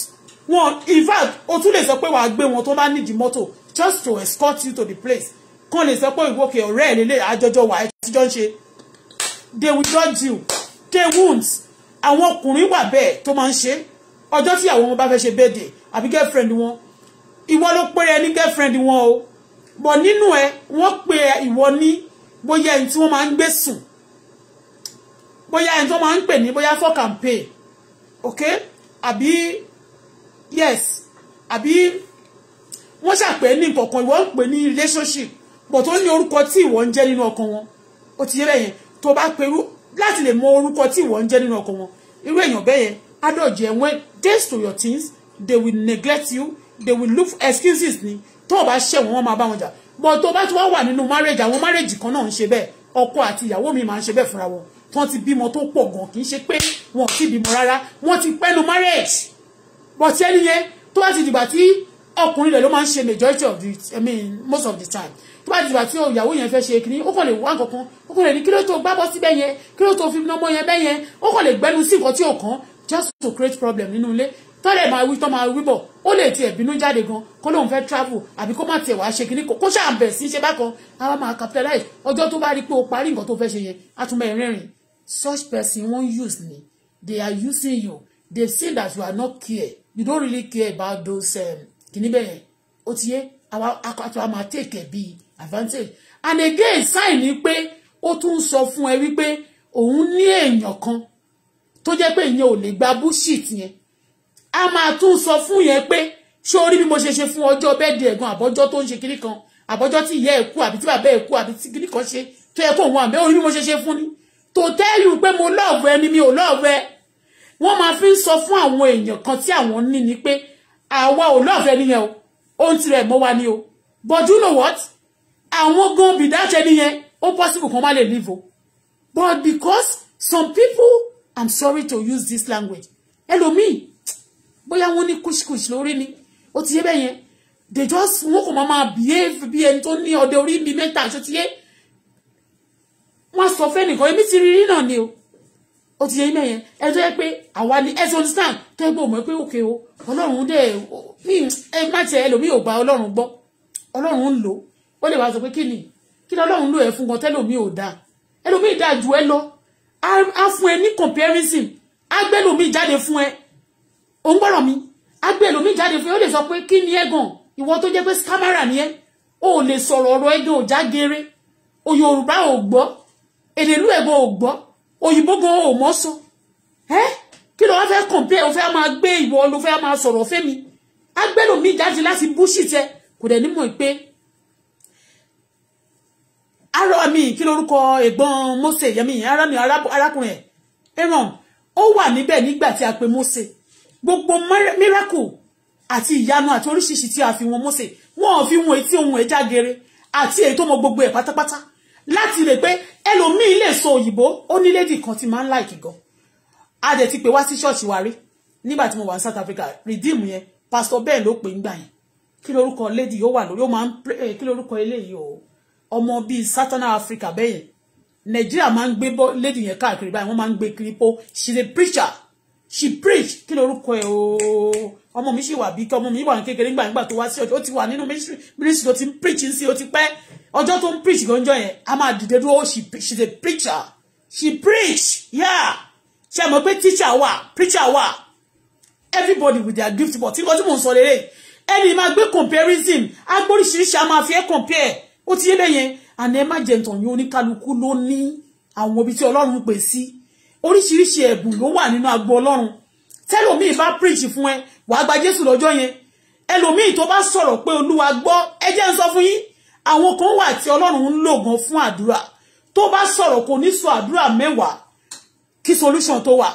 wọn in fact o tún lè sọ pé wàá gbé wọn tó bá nídìí mọ́tò just to escort you to the place kàn lè sọ pé ìwókè ọ̀rẹ́ ẹ̀ lélẹ̀ àjọjọ wà ẹ̀ tí jọ ń ṣe they will judge you they won't àwọn ọkùnrin wà bẹ́ẹ̀ tó máa ń ṣe ọjọ́ tí àwọn ọmọ bá fẹ́ ṣe birthday àbí girlfriend wọn ìwọ ló péré ní girlfriend wọn o bọ̀ nínú ẹ wọ́n pe ìwọ ní bóyá ẹni tí wọ́n máa ń gbé sùn bóyá ẹni tó máa ń pè ní bóyá for campaign okay àbí yes àbí wọ́n ṣàpè ní nǹkankan ìwọ ń pè ní relationship but ó ní orúkọ tí ìwọ ń jẹ́ nínú ọkàn wọn ó ti yé bẹ́ẹ̀ yẹn tó bá perú láti lè mọ orúkọ tí ìwọ ń jẹ́ nínú ọkàn wọn irú èèyàn bẹ́ẹ̀ yẹn adọ̀jẹ̀ and days to your things they will neglect you they will look for excuses ni tó o bá ṣẹ̀ wọ́n wọ́n máa bá wọn jà but tó o bá ti wá wà nínú marriage àwọn marriage kan náà ń ṣe bẹ́ẹ̀ ọkọ àti ìyàwó mi máa ń ṣe bẹ́ẹ̀ fúnra wọn tán ti bímọ tó pọ̀ gan kì í ṣe pé wọn ò tí ì bímọ rárá wọn ti pẹ́ lo marriage but ẹni yẹn tó bá ti dìgbà tí ọkùnrin rẹ̀ ló máa ń ṣe majority of the i mean most of the time tó bá ti dìgbà tí ìyàwó yẹn fẹ́ ṣe kìíní ó kàn lè wá nǹkan ó kàn lè ní kí ló tó gbábọ́ síbẹ̀ yẹn kí ló tó fi nọmọ yẹn bẹ́ yẹn ó kàn lè gbẹnu sí nǹkan tí ò kàn just to create problem nínú ilé tọ́lẹ̀ máa wí tọ́ máa wí bọ̀ ó lè tiẹ̀ bínú jáde gan kó lóun fẹ́ travel àbí kó má tiẹ̀ wá ṣe kìíní kó ṣàǹbẹ̀ sí ṣe bákan àwa máa capitalize ọjọ́ tó bá rí pé o parí nǹkan tó fẹ́ ṣe yẹn á tún bẹ̀ rẹ́rìn such person won't use me they are using you they see that you are not care you don't really care about those um, Otiye, o ti yẹ advantage and again sign ni pé ó tún sọ fún ẹ wípé òun ní èèyàn kan tó jẹ́ pé ìyẹn ò lè gba bullshit yẹn a máa tún sọ fún yẹn pé ṣé o rí bí mo ṣe ṣe fún ọjọ́ bẹ́ẹ̀dì ẹ̀gbọ́n àbọ́jọ́ tó ń ṣe kiri kan àbọ́jọ́ tí ìyá ẹ̀ kú àbí tí bàbá ẹ̀ kú àbí tí kiri kan ṣe tó yẹ kó òun àbẹ́ o rí mo ṣe ṣe fún ni to tell you pé mo love ẹni mi ò love ẹ wọ́n máa fi ń sọ fún àwọn èèyàn kan tí àwọn ní ni pé àwa ò love ẹni yẹn o ohun tirẹ̀ mọ́ wa ni o but you know what àwọn gan bìdájọ ẹni yẹn ó possible kan má lè live o but because some people i'm sorry to use this language Hello ẹlòmíì bóyá wọ́n ní kushkush lórí ni ó ti yé bẹ́ẹ̀ yẹn they just wọ́n kò máa máa behave bí ẹni tó ní ọdẹ orí bíi mẹ́ta àṣọ ti yé wọ́n sọ fẹ́ nìkan èmi ti rí rí náà ni o ó ti yẹ yín mẹ́yẹn ẹ tó yẹ pé àwa ni ẹ tó ń stand tó yẹ pé òun pé òkè o ọlọ́run dẹ̀ ẹ má tiẹ̀ ẹlòmíì ò gba ọlọ́run gbọ́ ọlọ́run ń lò ó lè wá sọ pé kí ni kí ni ọlọ́run lò ẹ fún gan tẹ́lòmíì ò dáa ẹlòmíì dáa ju ẹ lọ á fún ẹ ní comparison á gbẹ́lòmíì jáde fún ẹ òun gbọ́rọ̀ mi á gbẹ́lòmíì jáde fún ẹ ó lè sọ pé kí ni ẹ gan ìwọ tó jẹ́ pé scamara ni ẹ ó lè sọ̀rọ̀ ọ̀rọ̀ ẹgbẹ́ òjá geere òyòrùbá ò gbọ́ èdè ìlú ẹ̀gbọ́n ò gbọ́ òyìnbó gan ò mọ̀ sọ ẹ́ kí ló wá fẹ́ compare o fẹ́ máa gbé ìwọ ló fẹ́ máa sọ̀rọ̀ fẹ́mi agbẹ́lòmíì jáde láti bullshit ẹ kò dẹ̀ ní mọ̀ pé ara mi kí lorúkọ ẹ̀gbọ́n Mósè yẹmi ara mi arákùnrin ẹ̀ ẹ̀ràn ó wà níbẹ̀ nígbà tí a pe Mósè gbogbo miracle àti ìyanu àti oríṣiríṣi tí a fi wọn Mósè wọn ò fi wọn etí ohun ẹ̀ jágere àti èyí tó mọ gbogbo ẹ̀ pátápátá láti lè pé ẹlòmíì lè sọ òyìnbó ó ní lady kan ti máa ń láìkì gan a dẹ̀ ti pè wá sí ṣọ́ọ̀ṣì wa rí nígbà tí mo wà ní South Africa redeem yẹn pastor bẹ́ẹ̀ ló pè ń gbà yẹn kí lorúkọ lady yóò wà lórí ó máa ń pray eh, kí lorúkọ eléyìí o ọmọ bíi Southern Africa bẹ́ẹ̀ yẹn Nàìjíríà máa ń gbé lady yẹn káàkiri báyìí wọ́n máa ń gbé kiripo she is a preacher she preach kí lorúkọ ẹ ooo ọmọ mi ṣì wà bí kí ọmọ mi wà ní kékeré nígbà nígbà tó wá sí ọjọ́ ó ti wà nínú ministry Ministry tó ti ń preach sí ó ti pẹ́ ọjọ́ tó ń preach gànjọ́ yẹn a máa dìde dúró she she's a preacher she preach yeah ṣe mọ̀ pé teacher wà preacher wà everybody with their gift but nǹkan tí mò ń sọ lélẹ̀ ẹni máa gbé comparison agbóríṣiríṣi a máa fi ẹ́ compare ó ti yé bẹ́yẹn àná ẹ má jẹun tàn yín oníkálukú ló ní àwọn ibi tí Ọlọ́run pè sí oríṣiríṣi ẹ̀bùn ló wà nínú agbo ọlọ́run tẹ́lòmíì bá preach fún ẹ wàá gba jésù lọ́jọ́ yẹn ẹlòmíì tó bá sọ̀rọ̀ pé olúwa gbọ́ ẹ jẹ́ ń sọ fún yín àwọn kan wà tí ọlọ́run ń lò gan fún àdúrà tó bá sọ̀rọ̀ kò ní sọ àdúrà mẹ́wàá kí solution tó wà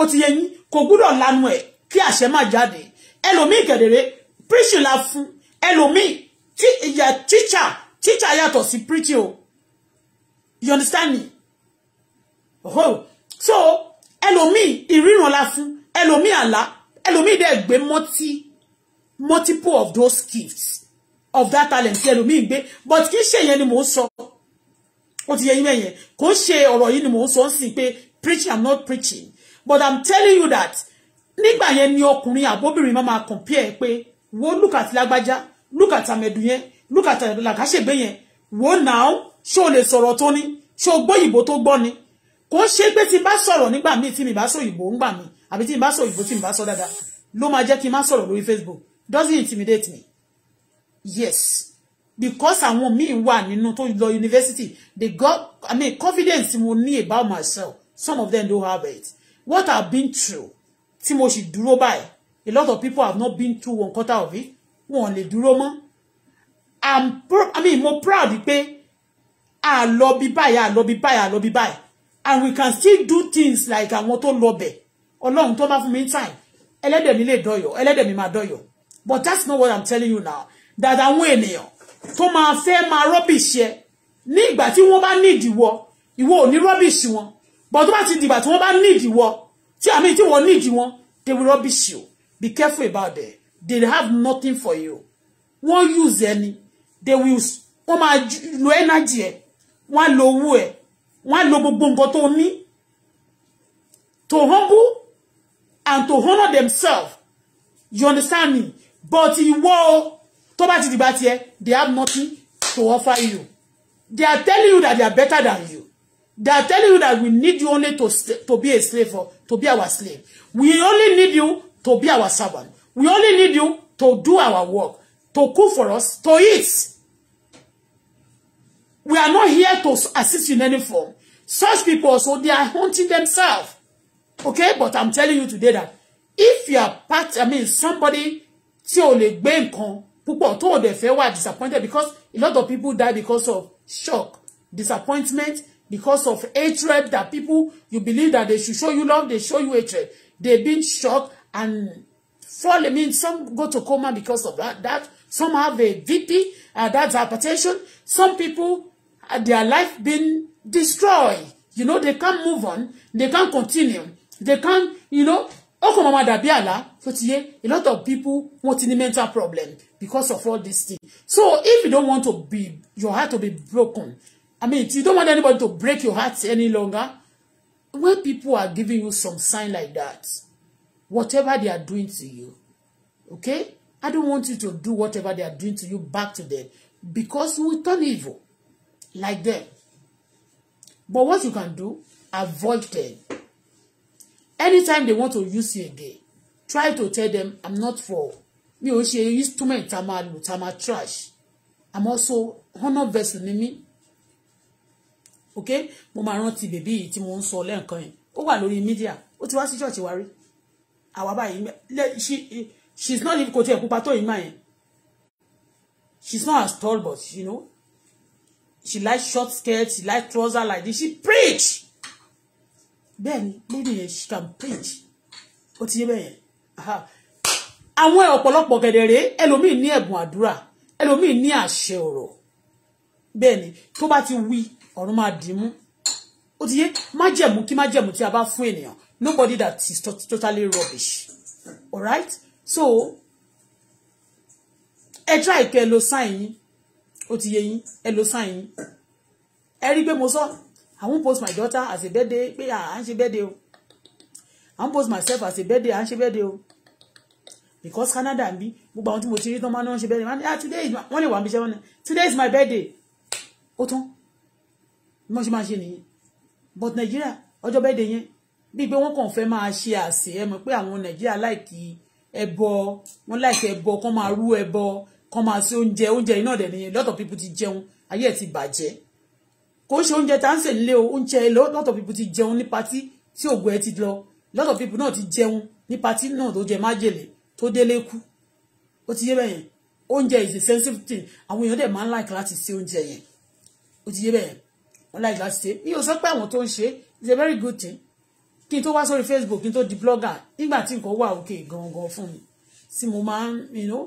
ó ti yẹ yín kò gbúdọ̀ lanu ẹ̀ kí àṣẹ má jáde ẹlòmíì kẹ̀dẹ̀rẹ́ preaching la fún ẹlòmíì tí ìyà teacher teacher yàtọ̀ sí preach o you understand me? Oh, so Elomi, ìríran la fún Elomi, àlá ẹlòmíì dẹ̀ gbé mọ́tí multiple of those gifts of that talent ẹlòmíì gbé but kì í ṣe yẹn ni mò ń sọ ó ti yẹ yín mẹ́yẹn kò ń ṣe ọ̀rọ̀ yìí ni mò ń sọ ń sìn pé preach i'm not preaching but i'm telling you that nígbà yẹn ni ọkùnrin àbóbìnrin máa máa compare pé wo look at lágbájá look at àmẹ̀dù yẹn look at làkàṣègbè yẹn wo now ṣé o lè sọ̀rọ̀ tó ní ṣé o gbóyìnbó tó gbọ́ ni kò ṣe pé tí n bá sọ̀rọ̀ nígbà míì tí mi bá sọ òyìnbó ńgbà mi àbí tí n bá sọ òyìnbó tí mi bá sọ dáadáa ló máa jẹ́ kí n má sọ̀rọ̀ lórí Facebook doesn't intimidate me yes because àwọn míì wà nínú tó lọ university they got i mean confidence mo ní about myself some of them don't have it what i've been through tí mo sì dúró báyìí a lot of people have not been through one quarter of it wọn lè dúró mọ́ i'm pro i mean mo proud pé àlọ́ bí báyìí àlọ́ bí báyìí àlọ́ bí báyìí and we can still do things like àwọn tó lọ bẹ̀ ọlọ́run tó bá fún mi time ẹlẹ́dẹ̀ mi lè dọ̀yọ̀ ẹlẹ́dẹ̀ mi máa dọ̀yọ̀ but that's not what i'm telling you now that àwọn ènìyàn tó máa fẹ́ máa rubbish yẹ ní ìgbà tí wọ́n bá ní ìdíwọ́ ìwọ ò ní rubbish wọn but tó bá ti dìgbà tí wọ́n bá ní ìdíwọ́ tí àmì tí wọ́n ní ìdíwọ́ they will rubbish you be careful about them they have nothing for you wọ́n use any. they will wọ́n máa lo energy ẹ̀ wọ́n á lo owó ẹ̀ wọ́n á lo gbogbo nǹkan tó ní to humble and to honour themselves you understand me but ìwọ tó bá ti dìgbà tiẹ̀ they have nothing to offer you they are telling you that they are better than you they are telling you that we need you only to to be a slave for to be our slave we only need you to be our servant we only need you to do our work to cook for us to eat we are not here to assist you in any form Such people, so they are hunting themselves. Okay, but I'm telling you today that if you are part, I mean, somebody tí ó lè gbé people, púpọ̀ tó dẹ̀ were disappointed because a lot of people die because of shock, disappointment, because of hatred that people, you believe that they should show you love, they show you hatred. They've been shocked and fall, I mean, some go to coma because of that. that. Some have a VP, uh, that's hypertension. Some people, uh, their life been destroy you know they can't move on they can't continue they can't you know Oko mama máa dàbí àlá tó a lot of people wọ́n ti mental problem because of all these things. so if you don't want to be your heart to be broken I mean you don't want anybody to break your heart any longer when people are giving you some sign like that whatever they are doing to you okay I don't want you to do whatever they are doing to you back to them because we turn evil like them But what you can do, avoid them. Anytime they want to use you again, try to tell them, I'm not for mi ò use too many a máa trash I'm also honor vessel ni mí ok mo máa rántí bèbí yìí tí soul. ń sọ lẹ́ẹ̀kan yẹn ó wà lórí media ó ti wá sí church wa rí àwa she she's not even tiẹ̀ pupa tó yìí máa yẹn she's not as tall but you know she like short skirts. she like trousers like this she preach bẹ́ẹ̀ni lady she can preach ó you mean, bẹ́ẹ̀ yẹn àwọn ọ̀pọ̀lọpọ̀ gẹ̀dẹ̀rẹ̀ ẹlòmíì ní ẹ̀bùn Elomi ẹlòmíì ní àṣẹ ọ̀rọ̀ bẹ́ẹ̀ni tó bá ti wí ọ̀run máa dì í mú ó ti yé májẹ̀mú kí májẹ̀mú tí a bá fún ènìyàn nobody that is totally rubbish All right. so ẹ try kẹ lo sign ó ti yé yín ẹ lo sign yín ẹ rí i pé mo sọ i won post my daughter as a birthday pé ah, à ń ṣe birthday o i won post myself as a birthday à ń ṣe birthday o because Canada ń bí gbogbo àwọn tí mo ti rí tán máa ń ṣe birthday máa ń ah today wọ́n lè wà níbi iṣẹ́ wọn ni today is my birthday ó tán bí wọ́n ṣe máa ṣe nìyẹn but Nigeria ọjọ́ birthday yẹn bíi pé wọ́n kàn fẹ́ máa ṣe àsè ẹ mọ̀ pé àwọn Nàìjíríà láìkí ẹbọ wọ́n láìkí ẹbọ kán máa rú ẹbọ kọ́ máa sí oúnjẹ oúnjẹ iná dẹ̀ ni lot of people ti jẹun ayé ẹ̀ ti bàjẹ́ kò ń ṣe oúnjẹ tá ń sè nílé o oúnjẹ lot of people ti jẹun ní patí tí ògùn ẹ ti lọ lot of people náà ti jẹun ní patí náà tó jẹ májèlé tó délé kú ó ti yé bẹ́ẹ̀ yẹn oúnjẹ is a sensitive thing àwọn èèyàn dẹ̀ máa ń like láti ṣe oúnjẹ yẹn ó ti yé bẹ́ẹ̀ wọ́n like láti ṣe mi ò sọ pé àwọn tó ń ṣe it's a very good thing kí n tó wá sórí Facebook kí n tó di blogger nígbà tí nǹkan wà òkè gangan fún mi tí mo máa ń you know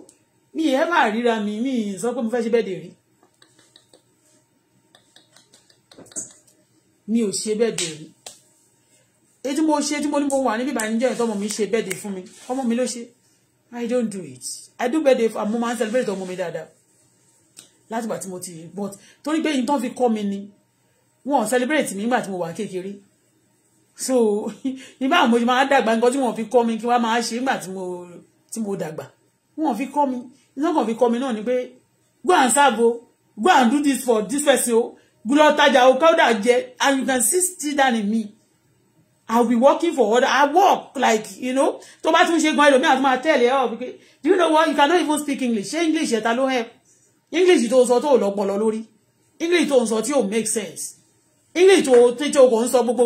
mi ẹ máa ríra mi mi sọ pé mo fẹ́ ṣe bẹ́ẹ̀ dè rí mi ò ṣe bẹ́ẹ̀ dè rí èyí tí mo ṣe tí mo ní mo wà níbí ìbànú jẹ́ ìtọ́ ọmọ mi ṣe bẹ́ẹ̀ dè fún mi ọmọ mi ló ṣe I don't do it I do bẹ́ẹ̀ dè fún àmọ́ máa ń celebrate ọmọ mi dáadáa látìgbà tí mo ti rí but torí pé ìtàn fi kọ́ mi ni wọn ò celebrate mi nígbà tí mo wà kékeré so nígbà mo máa dàgbà nǹkan tí wọn fi kọ́ mi kí wọ́n máa ṣe nígbà tí mo dàgbà wọn fi kọ́ mi ìsọ́kàn fi kọ́ mi náà ni pé go and serve go and do this for this person o gbúlọ tajà o kọ́dà jẹ and you can see still that in me i will be working for other i work like you know tó bá tún ṣe gan ẹlòmíì àti máa tẹ̀lé ẹ̀ oh, do you know what you cannot even speak english ṣé english ẹ̀ta ló help english tó sọ tó lọ́pọlọ lórí english tó sọ tí ò make sense english tó tí o kò ń sọ gbogbo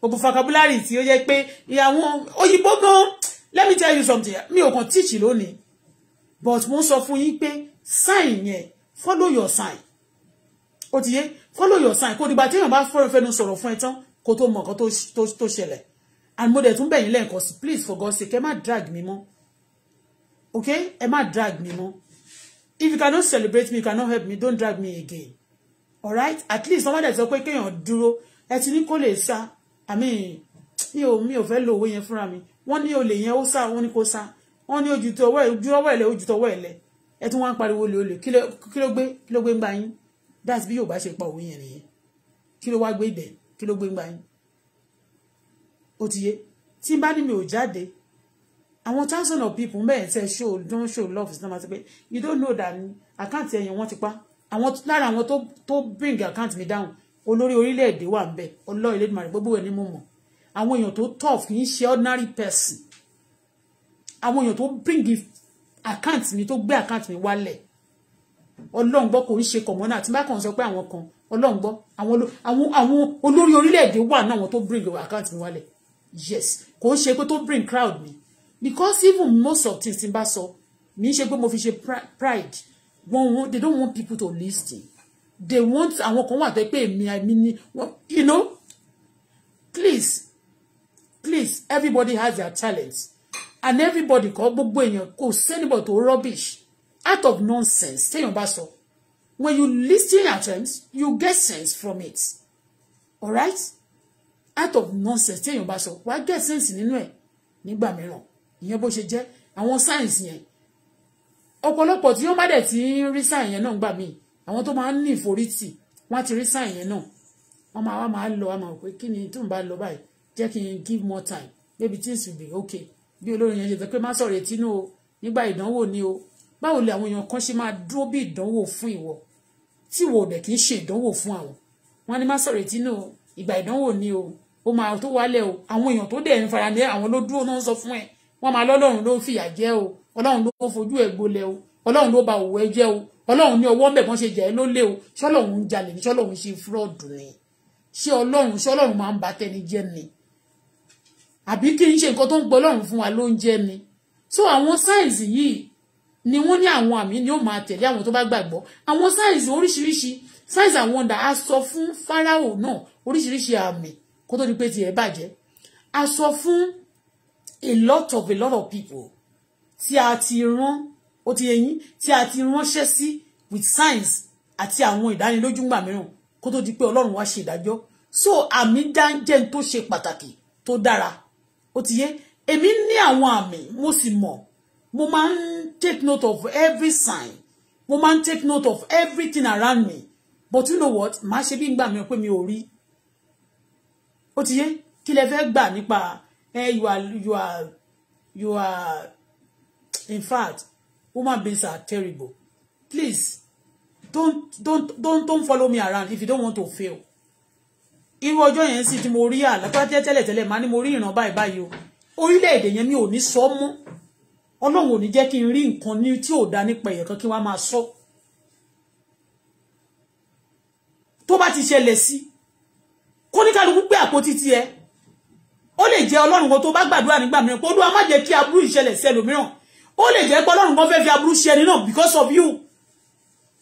gbogbo vocabulary tí ó yẹ pé ìyàwó òyìnbó gan let me tell you something Me, ò kàn teach lónìí but mo sọ fún yín pé sign yẹn follow your sign ó ti yé follow your sign kó dìgbà téèyàn bá fẹ́ràn fẹ́nu sọ̀rọ̀ fún ẹ tán kó tó mọ̀ nǹkan to ṣẹlẹ̀ and mo dẹ̀ tún bẹ̀yìn lẹ́ẹ̀kan sí please for God's sake ẹ má drag mi mọ́ okay ẹ má drag me, mọ́ if you cannot celebrate me you cannot help me don't drag me again All right? at least wọ́n bá dẹ̀ sọ pé kéèyàn dúró ẹ ti ní kó lè sá i mean mi ò mi ò fẹ́ lo owó yẹn fúnra mi wọ́n ní olè yẹn ó sá wọ́n ní kó sá wọ́n ní ojú tọwọ́ ojú ọwọ́ ẹ̀lẹ́ ojú tọwọ́ ẹ̀lẹ́ ẹ tún wá ń pariwo lè olè kí ló gbé kí ló gbé ń gbà yín that's bí Yorùbá ṣe pa òwe yẹn nìyẹn kí ló wá gbé ibẹ̀ kí ló gbé ń gbà yín ó ti yé tí n bá ní mi ò jáde àwọn thousand of people mẹ́rin tẹ́ show don show love is normal pé you don't know that àkáǹtì ẹ̀yìn wọ́n ti pa àwọn lára àwọn tó tó bring àkáǹtì mi down olórí orílẹ̀-èdè wà ń bẹ̀ ọlọ́ọ̀lẹ́dìmọ̀ rẹ̀ gbogbo ẹ̀ ní mo mọ̀ àwọn èèyàn tó tough kì í ṣe ordinary person àwọn èèyàn tó bring account mi tó gbé account mi wálẹ̀ ọlọ́run gbọ́ kò ń ṣe kọ̀mọ́nà àti bákan sọ pé àwọn kan ọlọ́run gbọ́ àwọn olórí orílẹ̀-èdè wà náà wọn tó bring account mi wálẹ̀ yes kò ń ṣe pé tó bring crowd mi because even most of things tí n bá sọ mi ṣe pé mo fi ṣe pride wọn wọn they don't want people to listen they want àwọn kan wà tó pé èmi àmì ni you know please please everybody has their talents and everybody kọ́ gbogbo èèyàn kò sẹ́nìbọ̀ tó rubbish out of nonsense téèyàn bá sọ when you listen at times you get sense from it alright out of nonsense téèyàn bá sọ wàá get sense nínú ẹ̀ nígbà mìíràn ìyẹn bó ṣe jẹ́ àwọn science yẹn ọ̀pọ̀lọpọ̀ tí wọ́n bá dẹ̀ ti ń rí sáà yẹn náà gbà mí àwọn tó máa ń ní ìforítì wọ́n ti rí sáà yẹn náà wọ́n máa wá máa lọ àmọ́ pé kí ni tó ń bá lọ báyìí jẹ́ kí n give more time maybe things will be okay bí olórin yẹn ṣe sọ pé má sọ̀rọ̀ etí nù o nígbà ìdánwò ni o báwo lè àwọn èèyàn kan ṣe máa dúró bí ìdánwò fún ìwọ tí ìwọ ọ̀dẹ̀ kì í ṣe ìdánwò fún àwọn wọn ni má sọ̀rọ̀ etí nù o ìgbà ìdánwò ni o ó máa tó wálẹ̀ o àwọn èèyàn tó dẹ̀ ń fara ní àwọn ló dúró náà ń sọ fún ẹ wọ́n máa lọ́lọ́run ló ń fìyà jẹ o ọlọ́run ló fojú ẹ̀ gbolẹ̀ o ọlọ́run ló ba òwò ẹ jẹ́ o ọlọ́run ní ọwọ́ mẹ́bọn ṣe jẹ́ ló lé o ṣọlọ́run ń jalè ní ṣọlọ́run ṣe fúrọ́ọ̀dù ni ṣé ọlọ́run ṣọlọ́run máa ń ba tẹni jẹ́ ni àbí kí n ṣe nǹkan tó ń gbọ́ lọ́run fún wa ló ń jẹ́ ni so àwọn sáìsì yìí ni wọ́n ní àwọn àmì ni ó máa tẹ̀lé àwọn tó bá gbàgbọ́ àwọn sáìsì oríṣiríṣi sáìsì àwọn ọ̀dà a sọ fún Fáráò náà oríṣiríṣi àmì kó tó di pé tiẹ̀ bàjẹ́ a sọ fún a lot of a lot of people tí a ti rán ó ti yẹyin tí a ti ránṣẹ́ sí with signs àti àwọn ìdánilójú ńgbà mìíràn kó tó di pé Ọlọ́run wá ṣe ìdájọ́ so àmì dáńjẹ́ tó ṣe pàtàkì tó dára ó ti yé èmi ní àwọn àmì mo sì mọ̀ mo máa ń take note of every sign mo máa ń take note of everything around me but you know what màá ṣe bí gbà mí pé mi ò rí ó ti yé kí lẹ fẹ́ gbà nípa ẹ you are you are you are in fact woman beings are terrible please don't don't don't don't follow me around if you don't want to fail irú ọjọ́ yẹn sì tí mo rí àlápàtẹ́ tẹ́lẹ̀tẹ́lẹ̀ máa ní mo rí ìran báyìí báyìí o orílẹ̀-èdè yẹn mi ò ní sọ mọ́ ọlọ́run ò ní jẹ́ kí n rí nǹkan ní tí ò da nípa ẹ̀yẹ̀ kan kí wọ́n máa sọ tó bá ti ṣẹlẹ̀ sí kó ní kálukú gbé àpótí tiẹ̀ ó lè jẹ́ ọlọ́run kan tó bá gbàdúrà nígbà mìíràn pé olúwa má jẹ́ kí aburú ìṣẹlẹ̀ sí ẹlòmíràn ó lè jẹ́ pé ọlọ́run kan fẹ́ fi aburú ṣe náà because of you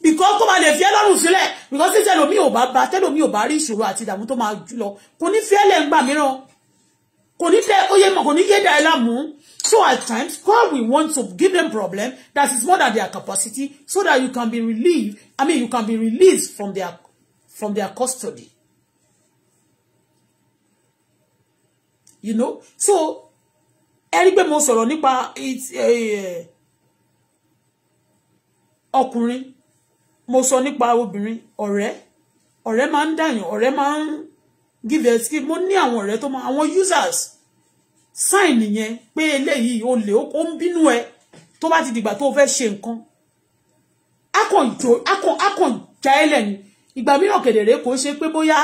because kó ba lè fi ẹ́ lọ́rùn sílẹ̀ because tí tẹ́lòmí ò bá ba tẹ́lòmí ò bá rí ìṣòro àti ìdààmú to máa jù lọ kò ní fi ẹ́lẹ̀ ńgbà mìíràn kò ní fẹ́ ó yẹ mọ̀ kò ní yé dá ẹ láàmú so at times God we want to give them problem that is more than their capacity so that you can be relieved I mean you can be released from their from their custody you know so ẹ rí pé mo sọ̀rọ̀ nípa eh, ọkùnrin. Uh, mo sọ nípa obìnrin ọ̀rẹ́ ọ̀rẹ́ máa ń dàyàn ọ̀rẹ́ máa ń give a skill mo ní àwọn ọ̀rẹ́ tó máa àwọn users sign yẹn pé eléyìí o lè ó ń bínú ẹ tó bá ti dìgbà tó fẹ́ ṣe nǹkan akàn já ẹ lẹ́nu ìgbà mìíràn kedere kò ṣe pé bóyá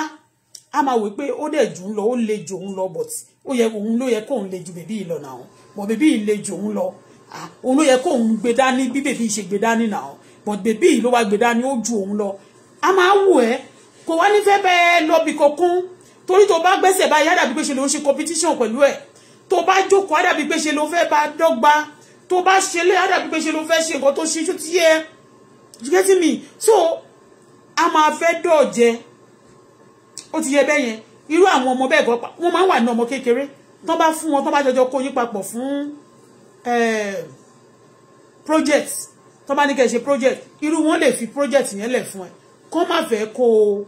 a máa wí pé ó dẹ̀ jù ń lọ ó le jù ń lọ but ó yẹ òun ló yẹ kóun le ju bèbí yìí lọ náà but bèbí yìí le jù ń lọ òun ló yẹ kóun gbé dání bí bèbí ṣe gbé dání náà but baby, yìí ló wá gbé dání ó ju òun lọ a máa wù ẹ́ kò wá ní fẹ́ bẹ́ẹ̀ lọ bí kankan torí tó bá gbẹ́sẹ̀ báyìí á dàbí pé ṣe ló ń ṣe competition pẹ̀lú ẹ̀ tó bá jókòó á dàbí pé ṣe ló fẹ́ bá dọ́gba tó bá ṣe lé á dàbí pé ṣe ló fẹ́ ṣe nǹkan tó ṣe tí yẹ you get me so a máa fẹ́ dọ̀jẹ́ ó ti yẹ bẹ́ẹ̀ yẹn irú àwọn ọmọ bẹ́ẹ̀ gan wọ́n máa ń wà ní ọmọ kékeré tán bá fún wọn tán bá jọjọ kó yín papọ̀ fún eh, project tó bá ní kẹ́ ṣe project irú wọn lè fi project yẹn lẹ̀ fún ẹ kó má fẹ́ kó o